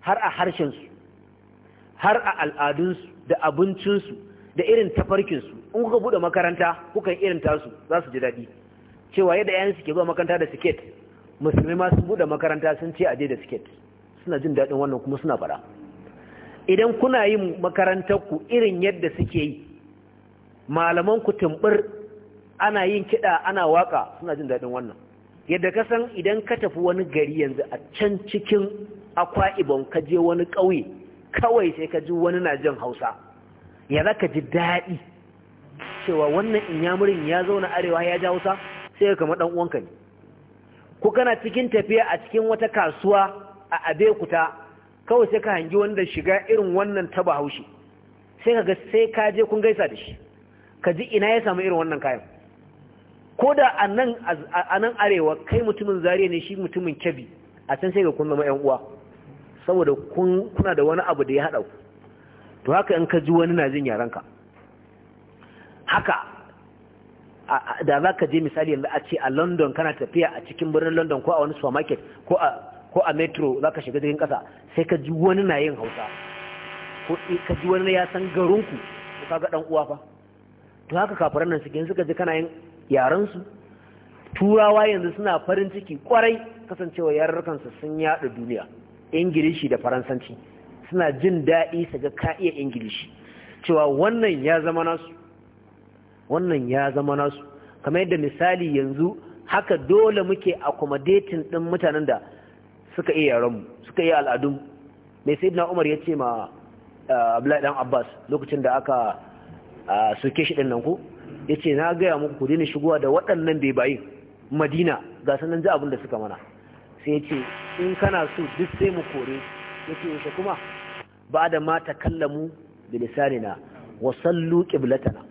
har a harshensu har a al'adunsu da abincinsu da irin tafarkinsu in kuka bude makaranta kuka irin tasu za su ji daɗi cewa yadda yayan suke zuwa makaranta da siket musulmi ma sun bude makaranta sun ce aje da siket suna jin daɗin wannan kuma suna fara idan kuna yin makarantar ku irin yadda suke yi malaman ku tumbur ana yin kiɗa ana waka suna jin daɗin wannan yadda ka san idan ka tafi wani gari yanzu a can cikin akwa ibon ka je wani ƙauye kawai sai ka ji wani na jin hausa ya za ka ji daɗi cewa wannan inyamurin ya zauna arewa ya ja wusa, sai kama dan uwanka ne ku kana cikin tafiya a cikin wata kasuwa a abekuta kawai sai ka hangi wanda shiga irin wannan ta bahaushe sai ka ga sai ka je kun gaisa da shi ka ji ina ya samu irin wannan kayan ko da a nan arewa kai mutumin zariya ne shi mutumin kyabi a can sai ga kun zama yan uwa saboda kuna da wani abu da ya haɗa ku to haka in ka ji wani na jin yaranka haka da za ka je misali yanzu a ce a london kana tafiya a cikin birnin london ko a wani supermarket ko a metro za ka shiga jirgin kasa sai ka ji wani na yin hausa ko ka ji wani ya san garinku ko ka ga dan uwa fa to haka kafiran nan suke suka ji kana yin yarensu. turawa yanzu suna farin ciki kwarai kasancewa yarurrukan sun yaɗa duniya ingilishi da faransanci suna jin daɗi su ga ka iya ingilishi cewa wannan ya zama nasu wannan ya zama nasu kamar yadda misali yanzu haka dole muke accommodating din mutanen da suka iya yaranmu suka iya al'adun mai ibn umar ya ce ma eh, abdullahi dan abbas lokacin da aka eh, soke shi din nan ko ya ce na gaya muku ku daina shigowa da waɗannan bayi madina ga sanan ji abin da suka mana sai ya ce in kana so duk sai mu kore ya ce yaushe kuma ba da ma takallamu da lisanina wa sallu qiblatana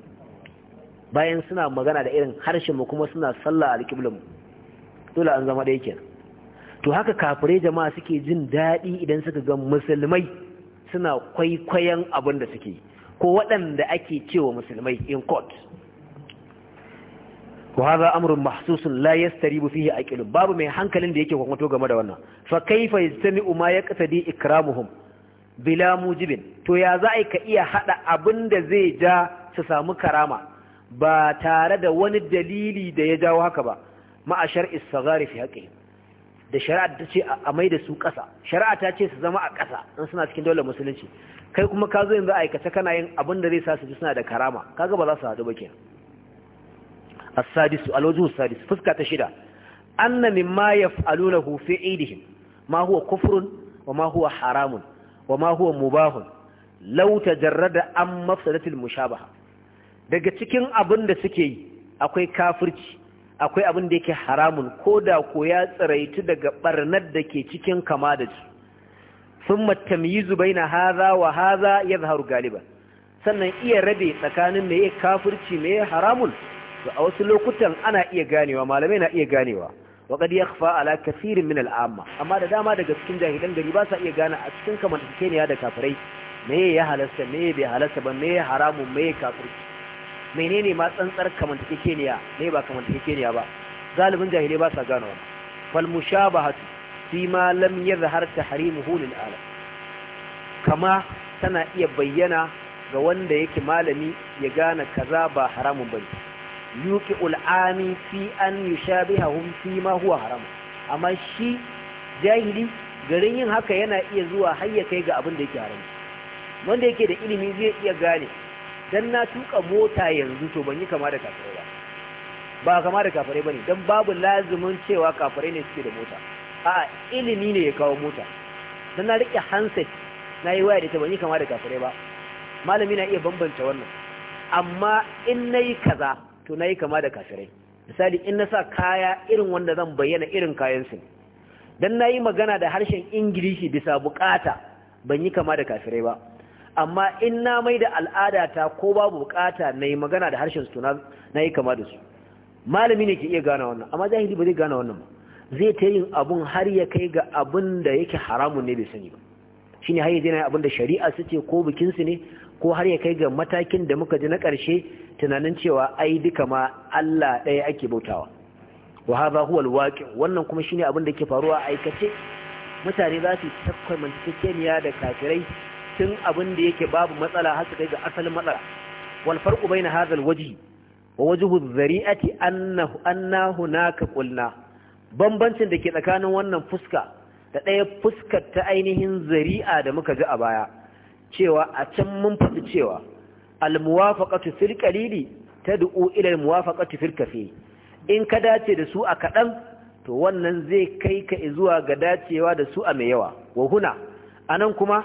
bayan suna magana da irin harshen mu kuma suna sallah al dole an zama ɗaya kenan to haka kafire jama'a suke jin daɗi idan suka ga musulmai suna kwaikwayon abin da suke ko waɗanda ake cewa musulmai in court وهذا أمر محسوس لا يستريب fihi aqil Babu mai hankalin da yake kwakwato game da wannan fa kaifa yastami'u ma yaqtadi ikramuhum bila mujibin to ya za ka iya hada abin da zai ja su samu karama ba tare da wani dalili da ya jawo haka ba ma'ashar shar'i sagari haƙe da shari'a ta ce a mai da su ƙasa shari'a ta ce su zama a ƙasa in suna cikin daular musulunci kai kuma ka zo yanzu aikata kana yin abin da zai sa su ji suna da karama kaga ba za su haɗu ba ke asadisu sadisu fuska ta shida anna mimma yaf'alunahu fi idihim ma huwa kufrun wa ma huwa haramun wa ma huwa mubahun law tajarrada an mafsadatil mushabaha daga cikin abin da suke yi akwai kafirci akwai abin da yake haramun ko da ko ya tsiraitu daga barnar da ke cikin kama da su sun zubai na haza wa haza ya zaharu galiba sannan iya rabe tsakanin mai ya kafirci mai ya haramun to a wasu lokutan ana iya ganewa malamai na iya ganewa wa ya yakhfa ala kathirin min al'amma amma da dama daga cikin jahilan gari ba sa iya gane a cikin kamar da da kafirai me ya halasta me bai halasta ba me ya haramun me ya kafirci menene ma tsantsar kamantakekeniya ne ba kamantakekeniya ba galibin jahilai ba sa gano wannan fal mushabahatu fi ma lam yadhhar tahrimuhu lil alam kama tana iya bayyana ga wanda yake malami ya gane kaza ba haramun bane yuki ul'ami fi an yushabihahum fi ma huwa haram amma shi jahili garin yin haka yana iya zuwa har ya kai ga abin da yake haram wanda yake da ilimi zai iya gane dan na tuka mota yanzu to ban yi kama da kafirai ba ba kama da kafirai bane dan babu lazumin cewa kafirai ne suke da mota a'a ilimi ne ya kawo mota dan na rike handset na yi waya da ta ban yi kama da kafirai ba malami na iya bambanta wannan amma in nayi kaza to nayi kama da kafirai misali in na sa kaya irin wanda zan bayyana irin kayan su dan nayi magana da harshen ingilishi bisa bukata ban yi kama da kafirai ba amma in na mai da al'adata ko babu bukata na yi magana da harshen su na yi kama da su malami ne ke iya gana wannan amma zahiri ba zai gane wannan ba zai ta yin abun har ya kai ga abun da yake haramun ne bai sani ba shi ne yanzu zina abun da shari'a su ce ko bikinsu ne ko har ya kai ga matakin da muka ji na ƙarshe tunanin cewa ai duka ma Allah ɗaya ake bautawa wa hadha huwa alwaqi wannan kuma shine abin da ke faruwa aikace mutane za su takwai mantakeniya da kafirai tun abin da yake babu matsala har su kai ga asalin matsala wal farqu baina hadha al wajhi wa wajhu dhari'ati annahu anna hunaka qulna bambancin da ke tsakanin wannan fuska da ɗaya fuskar ta ainihin zari'a da muka ji a baya cewa a can mun faɗi cewa al muwafaqatu fil qalili tad'u ila al muwafaqati fil kafi in ka dace da su a kaɗan to wannan zai kai ka zuwa ga dacewa da su a mai yawa wa huna anan kuma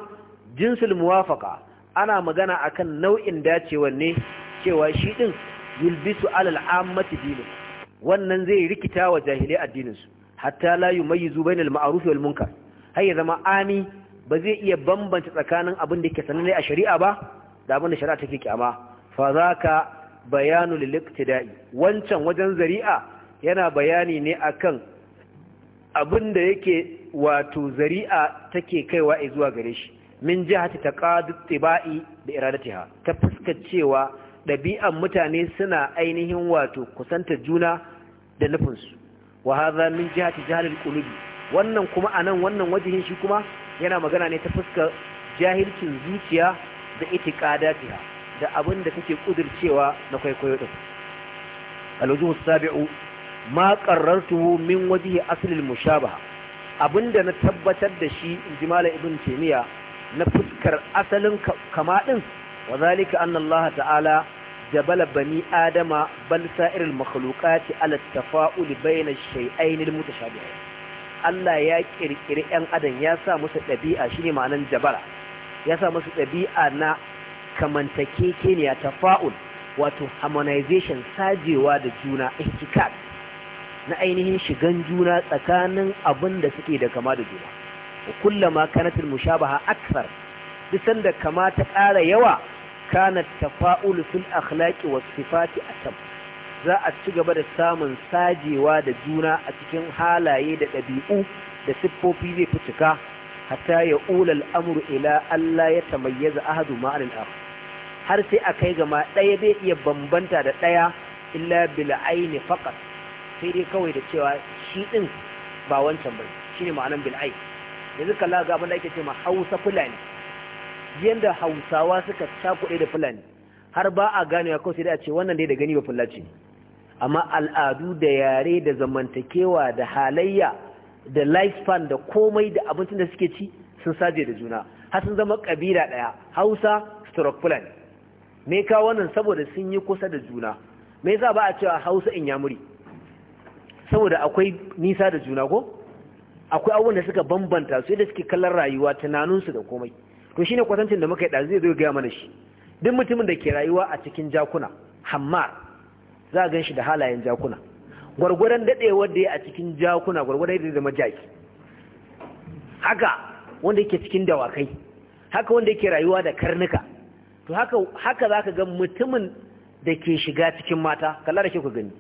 jinsul muwafaka ana magana akan nau'in dacewar ne cewa shi din yulbisu alal ammati dinin wannan zai rikita wa jahilai addinin su hatta la yumayyizu bainal ma'ruf wal munkar har ya zama ami ba zai iya bambanta tsakanin abin da yake sananne a shari'a ba da abin da shari'a take kyama fa zaka bayanu lil iqtida'i wancan wajen zari'a yana bayani ne akan abin da yake wato zari'a take kaiwa zuwa gare shi min jihati taqadud tibai da iradatiha ta fuskar cewa ɗabi'an mutane suna ainihin wato kusanta juna da nufinsu wa hadha min jihati jahlil qulubi wannan kuma anan wannan wajihin shi kuma yana magana ne ta fuskar jahilcin zuciya da itiqadatiha da abin da take ƙudurcewa na kwaikwayo din alwajhu sabi'u ma qarrartuhu min wajhi asli al-mushabaha abinda na tabbatar da shi Injimala malam ibn taymiya na fuskar asalin kama ɗin wa zalika Allah ta'ala jabala bani adama bal sa'iril makhluqati ala tafa'ul bayna shay'ain mutashabihain Allah ya ƙirƙiri 'yan adam ya sa musu ɗabi'a shine ma'anan jabala ya sa musu ɗabi'a na kamantakekeniya tafa'ul wato harmonization sajewa da juna ihtikak na ainihin shigan juna tsakanin abin da suke da kama da juna wa kullama kanat al-mushabaha akthar duk sanda kama ƙara yawa kanat tafa'ul fil akhlaqi was a atam za a ci gaba da samun sajewa da juna a cikin halaye da ɗabi'u da siffofi zai fi cika hatta ya ula al'amuru ila Allah ya tamayyaza ahadu ma'anin akhar har sai a kai gama ɗaya zai iya bambanta da ɗaya illa bil'aini faqat sai dai kawai da cewa shi ɗin ba wancan ba shine ma'anar bil'aini yanzu kalla ga abin da ake cewa Hausa Fulani yanda Hausawa suka cakuɗe da Fulani har ba a ganewa kawai sai dai a ce wannan dai da gani ba Fulaci amma al'adu da yare da zamantakewa da halayya da lifespan da komai da abincin da suke ci sun saje da juna har sun zama kabila ɗaya Hausa stroke Fulani me ka wannan saboda sun yi kusa da juna me yasa ba a cewa Hausa in Inyamuri saboda akwai nisa da juna ko akwai abubuwan da suka bambanta su da suke kallon rayuwa tunaninsu da komai to shine kwatancin da muka yi ɗazu zai zo gaya mana shi duk mutumin da ke rayuwa a cikin jakuna hammar za a gan shi da halayen jakuna gwargwadon daɗewar da ya a cikin jakuna gwargwadon da zama jaki haka wanda yake cikin dawakai haka wanda yake rayuwa da karnuka to haka haka za ka ga mutumin da ke shiga cikin mata kallar da ke ku gani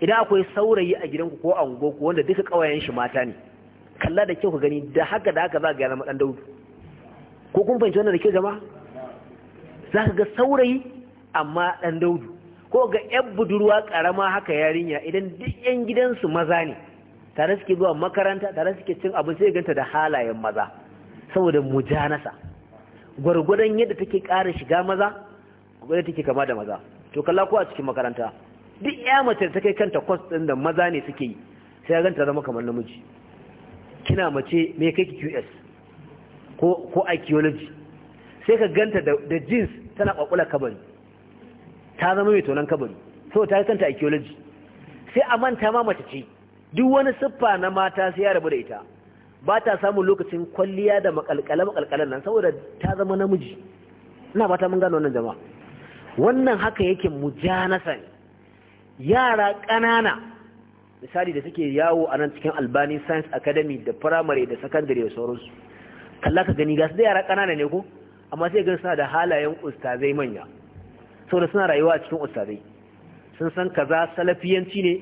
idan akwai saurayi a gidanku ko a unguwarku wanda duka ƙawayen shi mata ne kalla da kyau ka gani da haka da haka za ga zama dan daudu ko kun fahimci wannan da kyau zama za ka ga saurayi amma dan daudu ko ga yan budurwa karama haka yarinya idan duk yan gidansu maza ne tare suke zuwa makaranta tare suke cin abin sai ganta da halayen maza saboda mujanasa gwargwadon yadda take ƙara shiga maza gwargwadon take kama da maza to kalla ko a cikin makaranta duk ya mace da ta kai kanta kwas ɗin da maza ne suke yi sai ya ganta zama kamar namiji kina mace me kake QS ko ko archaeology sai ka ganta da jeans tana kwakula kabari ta zama mai tonan kabari so ta kanta archaeology sai a manta ma mace ce duk wani siffa na mata sai ya rabu da ita ba ta samun lokacin kwalliya da makalkala makalkalan nan saboda ta zama namiji ina ba ta mun gano wannan jama'a wannan haka yake mujanasa ne yara ƙanana misali da suke yawo a nan cikin albani science academy da primary da secondary da sauransu kalla ka gani gasu da yara kanana ne ko amma sai gan suna da halayen ustazai manya saboda suna rayuwa a cikin ustazai sun san kaza salafiyanci ne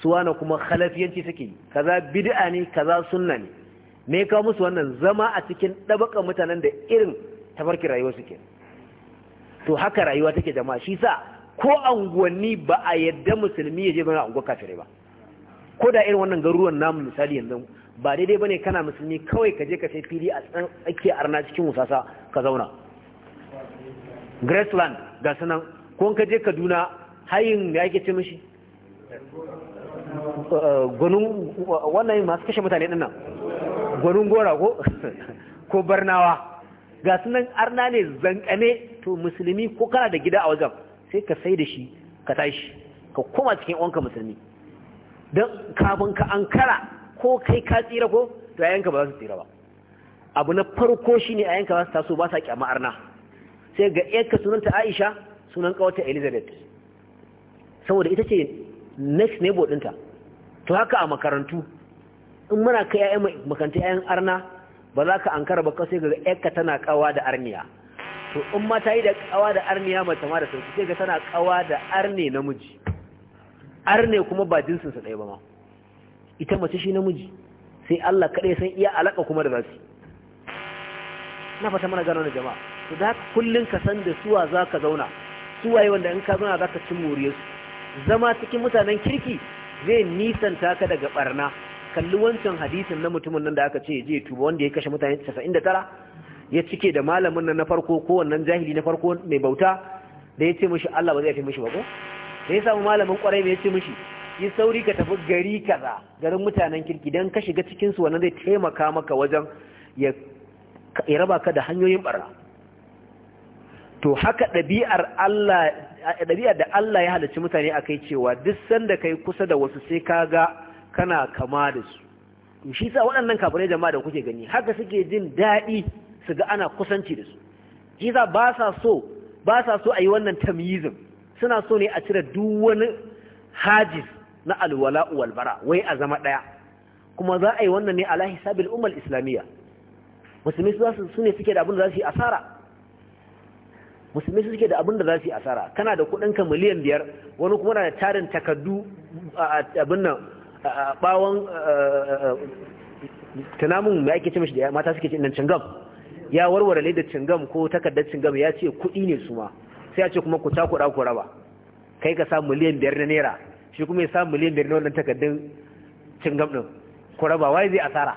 su wani kuma khalafiyanci suke yi kaza bid'a ne kaza sunna ne me kawo musu wannan zama a cikin ɗabaƙa mutanen da irin tafarki rayuwa suke to haka rayuwa take jama'a shi sa ko anguwanni ba a yadda musulmi ya je mana anguwa kafirai ba ko da irin wannan garuruwan namu misali yanzu ba daidai bane kana musulmi kawai ka je ka sai fili a tsan ake arna cikin musasa ka zauna graceland ga sanan ko ka je kaduna hayin da yake ce mishi eh, eh, gwanin wannan masu kashe mutane dinnan nan gora ko ko barnawa ga sanan arna ne zankane to musulmi ko kana da gida a wajen sai ka sai da shi ka tashi ka koma cikin wanka musulmi don kafin ka kara ko kai ka tsira ko to yayanka ba za su tsira ba abu na farko shi ne yayanka ba su taso ba sa kyama arna sai ga yarka sunanta Aisha sunan kawarta Elizabeth saboda ita ce next neighbor dinta to haka a makarantu in muna kai yayan makaranta yayan arna ba za ka ankara ba sai ga 'yanka tana kawa da arniya to in ma yi da kawa da arniya mai ma da sauki sai ga tana kawa da arni namiji ne kuma ba jinsinsa ɗaya ba ma ita mace shi namiji sai Allah kaɗai san iya alaƙa kuma da zasu na fata mana gano na jama'a to da haka kullum ka san da suwa za ka zauna suwaye wanda in ka zauna za ka cin moriyarsu zama cikin mutanen kirki zai nisanta ka daga barna kalli wancan hadisin na mutumin nan da aka ce je tuba wanda ya kashe mutane casa'in da 99 ya cike da malamin nan na farko ko wannan jahili na farko mai bauta da ya ce mishi Allah ba zai fi mishi ba ko da ya samu malamin kwarai mai ya ce mishi yi sauri ka tafi gari kaza garin mutanen kirki don ka shiga cikinsu wannan zai taimaka maka wajen ya raba ka da hanyoyin barna to haka ɗabi'ar da Allah ya halarci mutane akai cewa duk sanda kai kusa da wasu sai ka ga kana kama da su shi sa waɗannan kafirai jama'a da kuke gani haka suke jin daɗi su ga ana kusanci da su shi sa ba sa so a yi wannan tamyizin suna so ne a cire duk wani hajis na alwala walbara wai a zama ɗaya kuma za a yi wannan ne ala hisabil umar islamiyya musulmi su sune suke da abin da za su yi asara musulmi suke da abin da za su yi asara kana da ka miliyan biyar wani kuma na da tarin takardu abin nan bawon tunamin mai ake ce da mata suke cin nan cingam ya warware da cingam ko takardar cingam ya ce kudi ne su ma sai a ce kuma ku takura ku raba kai ka sa miliyan biyar na naira shi kuma ya sa miliyan biyar na wannan takardun cin gam din ku raba wai zai asara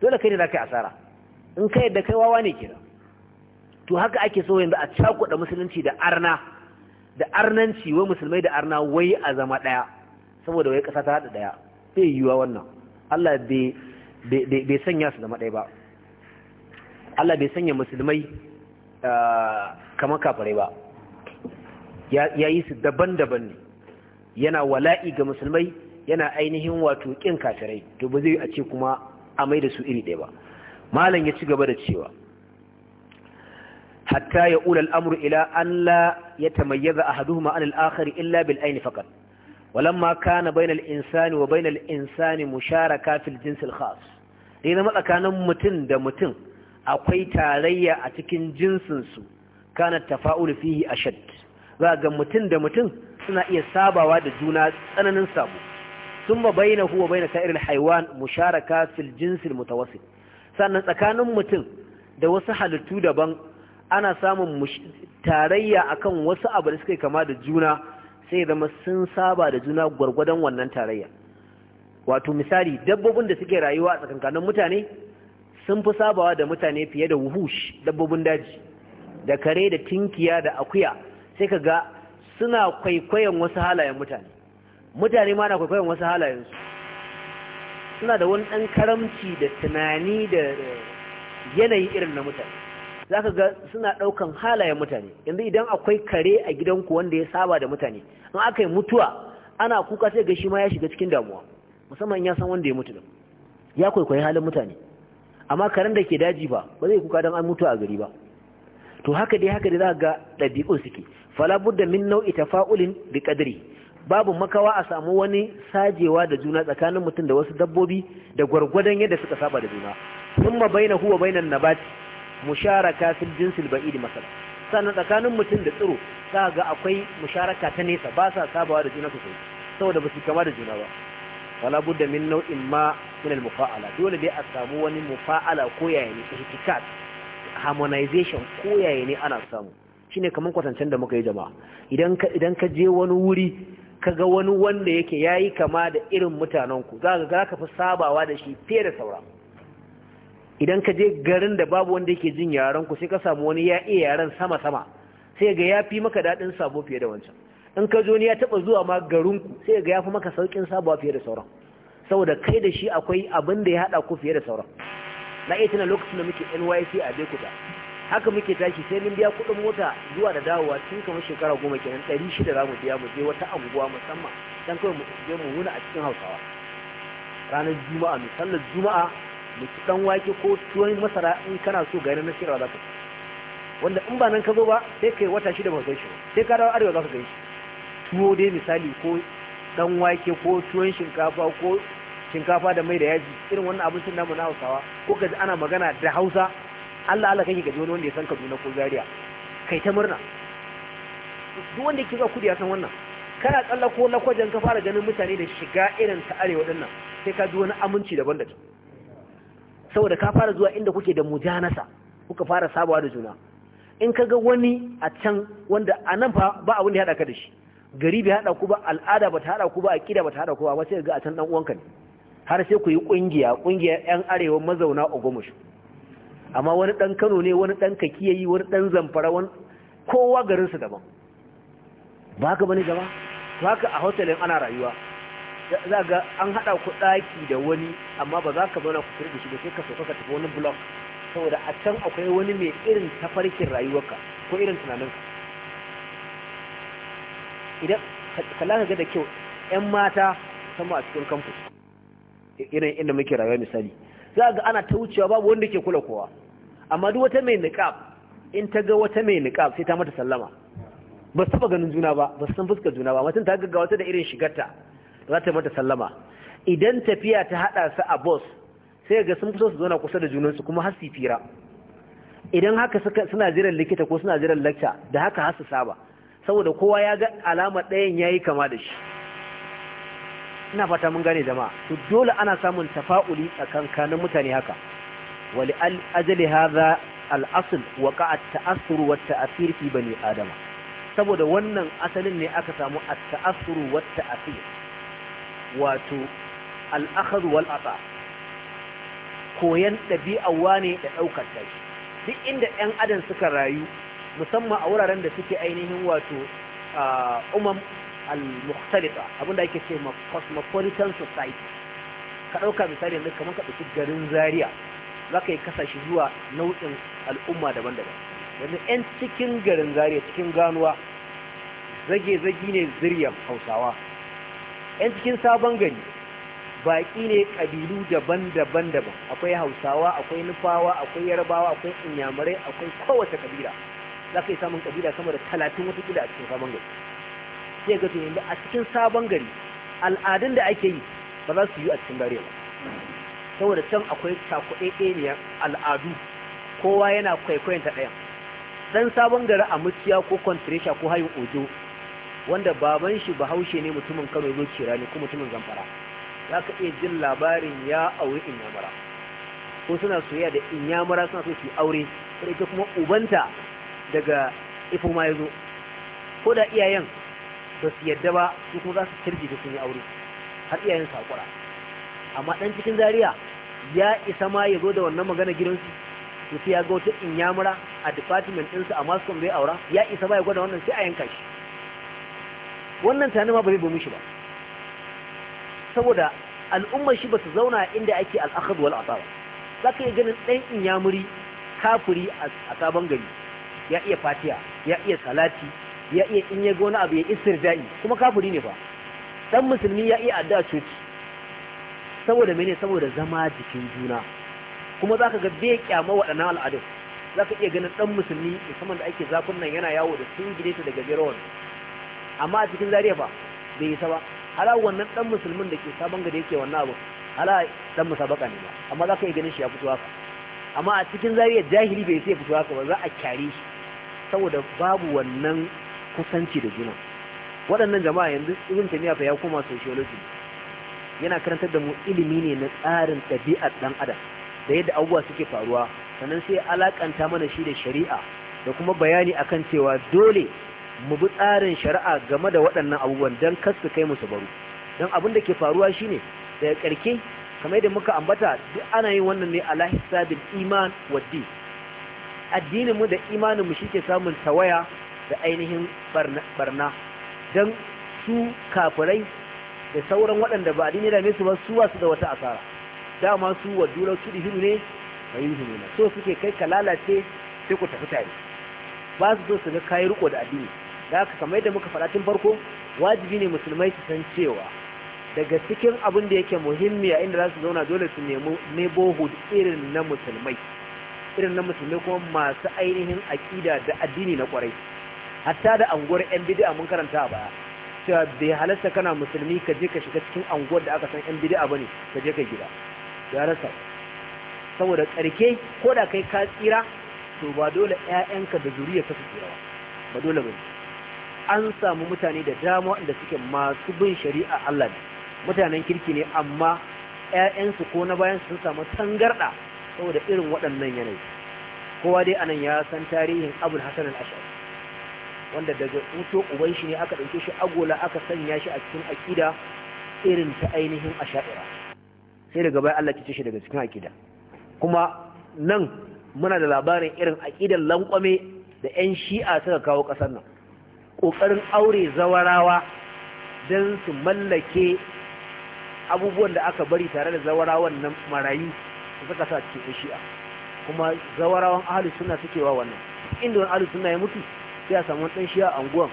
dole kai ne zaka yi asara in kai yadda kai wawa ne kenan to haka ake so yanzu a cakuɗa musulunci da arna da arnanci wai musulmai da arna wai a zama ɗaya saboda wai ƙasa ta haɗa ɗaya zai yiwuwa wannan Allah bai sanya su zama ɗaya ba Allah bai sanya musulmai ah, kamar kafirai ba ya yi su daban-daban ne yana wala'i ga musulmai yana ainihin wato ƙin kafirai to ba zai a ce kuma a mai da su iri ɗaya ba malam ya ci gaba da cewa hatta ya ula al'amur ila an la ya tamayyaza a haduhu ma'an al'akhari illa bil aini fakat walamma kana bainar insani wa bainar insani musharaka kafin jinsil khas da zama tsakanin mutum da mutum akwai tarayya a cikin jinsinsu kana tafa'ul fihi ashad za ga mutum da mutum suna iya sabawa da juna tsananin sabo sun ba bayyana huwa bayyana sa'irin haiwan musharaka fil jinsil mutawassil sannan tsakanin mutum da wasu halittu daban ana samun tarayya akan wasu abu da suka kama da juna sai zama sun saba da juna gwargwadon wannan tarayya wato misali dabbobin da suke rayuwa a tsakankanin mutane sun fi sabawa da mutane fiye da wuhush dabbobin daji da kare da tinkiya da akuya sai ka ga suna kwaikwayon wasu halayen mutane mutane ma na kwaikwayon wasu halayensu suna da wani ɗan karamci da tunani da yanayi irin na mutane za ka ga suna ɗaukan halayen mutane yanzu idan akwai kare a gidanku wanda ya saba da mutane in aka yi mutuwa ana kuka sai ga shi ma ya shiga cikin damuwa musamman ya san wanda ya mutu ya kwaikwayi halin mutane amma karen da ke daji ba ba zai kuka don an mutu a gari ba to haka dai haka dai za ga ɗabi'un suke fala min nau'i tafa'ulin bi qadri babu makawa a samu wani sajewa da juna tsakanin mutum da wasu dabbobi da gwargwadon yadda suka saba da juna thumma bainahu wa bainan nabat musharaka fil jinsil ba'id masala sannan tsakanin mutum da tsiro za ga akwai musharaka ta nesa ba sa sabawa da juna sosai saboda ba su kama da juna ba wala budda min nau'in ma min al mufa'ala dole dai a samu wani mufa'ala ko yaya ne ihtikat harmonization koyaye ne ana samu shine kaman kwatancen da muka yi jama'a idan ka idan ka je wani wuri ka ga wani wanda yake yayi kama da irin mutanen ku za ka ka fi sabawa da shi fiye da sauran idan ka je garin da babu wanda yake jin yaran ku sai ka samu wani ya iya yaren sama sama sai ga yafi maka daɗin sabo fiye da wancan in ka zo ni ya taba zuwa ma garin ku sai ga yafi maka saukin sabawa fiye da sauran saboda kai da shi akwai abin da ya hada ku fiye da sauran na iya tana lokacin da muke nyc a bekuta haka muke tashi sai mun biya kudin mota zuwa da dawowa tun kamar shekara goma kenan ɗari shida za mu biya mu je wata anguwa musamman dan kawai mu je mu wuna a cikin hausawa ranar juma'a mu sallar juma'a mu ci dan wake ko tuwon masara in kana so garin na shirya za ka wanda in ba nan ka zo ba sai kai wata shida ba shi sai ka dawo arewa za ka gaishe tuwo dai misali ko dan wake ko tuwon shinkafa ko shinkafa da mai da yaji irin wannan abincin namu na hausawa ko gaji ana magana da hausa allah allah kake gaji wani wanda ya san kaduna ko zaria kai ta murna duk wanda yake zuwa kudu ya san wannan kana tsalla ko lakwajen ka fara ganin mutane da shiga irin ta arewa din sai ka ji wani aminci daban da saboda ka fara zuwa inda kuke da mujanasa kuka fara sabawa da juna in ka ga wani a can wanda a nan fa ba abin da ya haɗa ka da shi gari bai haɗa ku ba al'ada ba ta haɗa ku ba aƙida ba ta haɗa ku ba sai ga a can ɗan uwanka ne har sai ku yi ƙungiya ƙungiyar 'yan arewa mazauna ogomush amma wani ɗan kano ne wani ɗan kakiyayi wani ɗan zamfara wani kowa garinsu daban ba ka bane gaba ba ka a hotelin ana rayuwa za ga an haɗa ku ɗaki da wani amma ba za ka zauna ku da shi ba sai ka sauka ka tafi wani block saboda a can akwai wani mai irin tafarkin rayuwarka ko irin tunaninka idan ka ga da kyau 'yan mata sama a cikin kamfus irin inda muke rayuwa misali za ga ana ta wucewa babu wanda ke kula kowa amma duk wata mai niqab in ta ga wata mai niqab sai ta mata sallama ba su taba ganin juna ba ba su san fuskar juna ba mutum ta ga wata da irin shigarta za ta mata sallama idan tafiya ta hada su a bus sai ga sun fito su zauna kusa da junansu kuma har su fira idan haka suna jiran likita ko suna jiran lacca da haka har su saba saboda kowa ya ga alamar ɗayan yayi kama da shi ina fata mun gane jama'a to dole ana samun tafa'uli tsakankanin mutane haka wali ajali hadha al-asl waqa at-ta'assur wa at-ta'thir fi bani adama saboda wannan asalin ne aka samu at-ta'assur wa at-ta'thir wato al-akhd wal ata koyan dabi'a wane da daukar ta duk inda ɗan adam suka rayu musamman a wuraren da suke ainihin wato umam al-mukhtalita abinda ake ce cosmopolitan society ka ɗauka misali yanzu kamar ka ɗauki garin zaria za ka yi kasashe zuwa nau'in al'umma daban-daban yanzu 'yan cikin garin zaria cikin ganuwa zage zage ne ziryan hausawa 'yan cikin sabon gari baƙi ne ƙabilu daban-daban daban akwai hausawa akwai nufawa akwai yarbawa akwai inyamurai akwai kowace ƙabila za ka yi samun ƙabila sama da talatin watakila a cikin sabon gani. sai ga to yanzu a cikin sabon gari al'adun da ake yi ba za su yi a cikin gari ba saboda can akwai cakuɗeɗeniyar al'adu kowa yana kwaikwayon ta ɗaya. dan sabon gari a muciya ko kwantiresha ko hayin ojo wanda baban shi bahaushe ne mutumin kano zo kira ne ko mutumin zamfara za ka iya jin labarin ya aure inyamara ko suna soya da in inyamara suna so su aure sai ita kuma ubanta daga ifoma ya zo ko da iyayen ba su yadda ba su kuma za su cirje da sun yi aure har iyayen sakura amma ɗan cikin zaria ya isa ma ya zo da wannan magana gidansu su sai ya ga wata inyamura a department ɗinsu a maskon bai aura ya isa ba ya gwada wannan sai a yanka shi wannan tani ma ba zai bomi shi ba saboda al'ummar shi ba su zauna inda ake al'akhad wal asaba za ka ganin ɗan inyamuri kafuri a sabon gari ya iya fatiya ya iya salati ya iya in ya wani abu ya istirja'i kuma kafiri ne fa dan musulmi ya iya addu'a cuci saboda mene saboda zama jikin juna kuma zaka ga bai kyama waɗannan al'adun zaka iya ganin dan musulmi musamman da ake zafin nan yana yawo da sun gide ta daga biyar amma a cikin zariya fa bai yi ba hala wannan dan musulmin da ke sabon gari yake wannan abu hala dan musabaka ne ba amma zaka iya ganin shi ya fito haka amma a cikin zariya jahili bai sai fito haka ba za a kyare shi saboda babu wannan kusanci da juna waɗannan jama'a yanzu ibn tamiya fa ya koma sociology yana karantar da mu ilimi ne na tsarin ɗabi'ar ɗan adam da yadda abubuwa suke faruwa sannan sai alakanta mana shi da shari'a da kuma bayani akan cewa dole mu bi tsarin shari'a game da waɗannan abubuwan don kar su kai mu su baro don abin da ke faruwa shine daga ƙarke kamar yadda muka ambata duk ana yin wannan ne ala hisabin iman waddi addinin mu da imanin mu shike samun tawaya da ainihin barna don su kafirai da sauran waɗanda ba adini da su ba su wasu da wata asara dama su wa dura su da hiru ne ba yin so suke kai ka lalace sai ku tafi tare ba su zo su ga kayi riko da addini da aka kamar yadda muka faɗa tun farko wajibi ne musulmai su san cewa daga cikin abin da yake muhimmi a inda za su zauna dole su nemi neighborhood irin na musulmai irin na musulmai kuma masu ainihin aƙida da addini na ƙwarai hatta da anguwar yan bidi'a mun karanta a baya cewa bai halasta kana musulmi ka je ka shiga cikin anguwar da aka san yan ba bane ka je ka gida ya rasa saboda karke ko da kai ka tsira to ba dole ƴaƴanka da zuriya ta tsira ba ba dole bane an samu mutane da dama da suke masu bin shari'a Allah ne mutanen kirki ne amma ƴaƴansu ko na bayan sun samu tangarɗa saboda irin waɗannan yanayi kowa dai anan ya san tarihin abul hasan al-ashari wanda daga uto uban shi ne aka ɗauke shi agola aka sanya shi a cikin aƙida irin ta ainihin asha'ira sai daga baya Allah cece shi daga cikin aƙida kuma nan muna da labarin irin akidan lankwame da 'yan shi'a suka kawo ƙasar nan ƙoƙarin aure zawarawa don su mallake abubuwan da aka bari tare da zawarawan nan marayu su suka sa cikin shi'a kuma zawarawan ahalus suna suke wa wannan inda wani ahalus suna ya mutu sai a samu ɗan shi a anguwan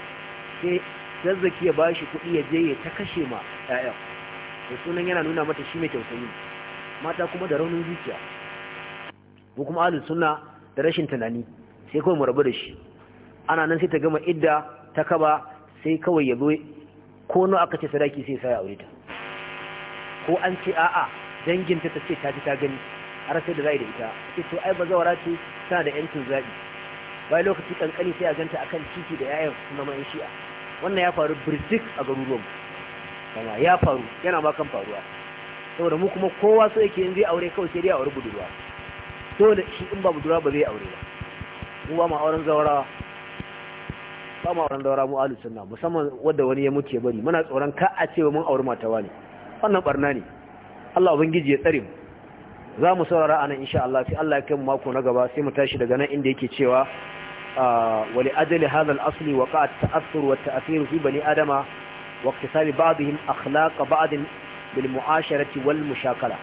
sai zazzaki ya ba shi kuɗi ya je ya ta kashe ma yaya da sunan yana nuna mata shi mai tausayi mata kuma da raunin zuciya ko kuma ahlus suna da rashin tunani sai kawai mu rabu da shi ana nan sai ta gama idda ta kaba sai kawai yabo ko nawa aka ce sadaki sai sai aure ta ko an ce a'a danginta ta ce ta ji ta gani har sai da zai da ita sai to ai bazawara ce tana da yancin zabi bai lokaci kankani sai a ganta akan titi da yayan kuma mai shi'a wannan ya faru birtik a garuruwan kuma ya faru yana ma kan faruwa saboda mu kuma kowa so yake yin zai aure kawai sai dai a aure budurwa da shi in ba budurwa ba zai aure ba mu ba ma auren zawarawa ba ma auren zawarawa mu alu sunna musamman wanda wani ya muke bari muna tsoron ka a ce mun aure mata wani. wannan barna ne Allah ubangiji ya tsare mu za mu saurara anan insha Allah sai Allah ya kai mu mako na gaba sai mu tashi daga nan inda yake cewa آه، ولأجل هذا الأصل وقع التأثر والتأثير في بني آدم واقتصال بعضهم أخلاق بعض بالمعاشرة والمشاكلة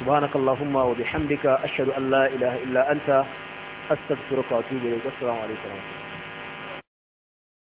سبحانك اللهم وبحمدك أشهد أن لا إله إلا أنت أستغفرك وأتوب إليك السلام عليكم ورحمة الله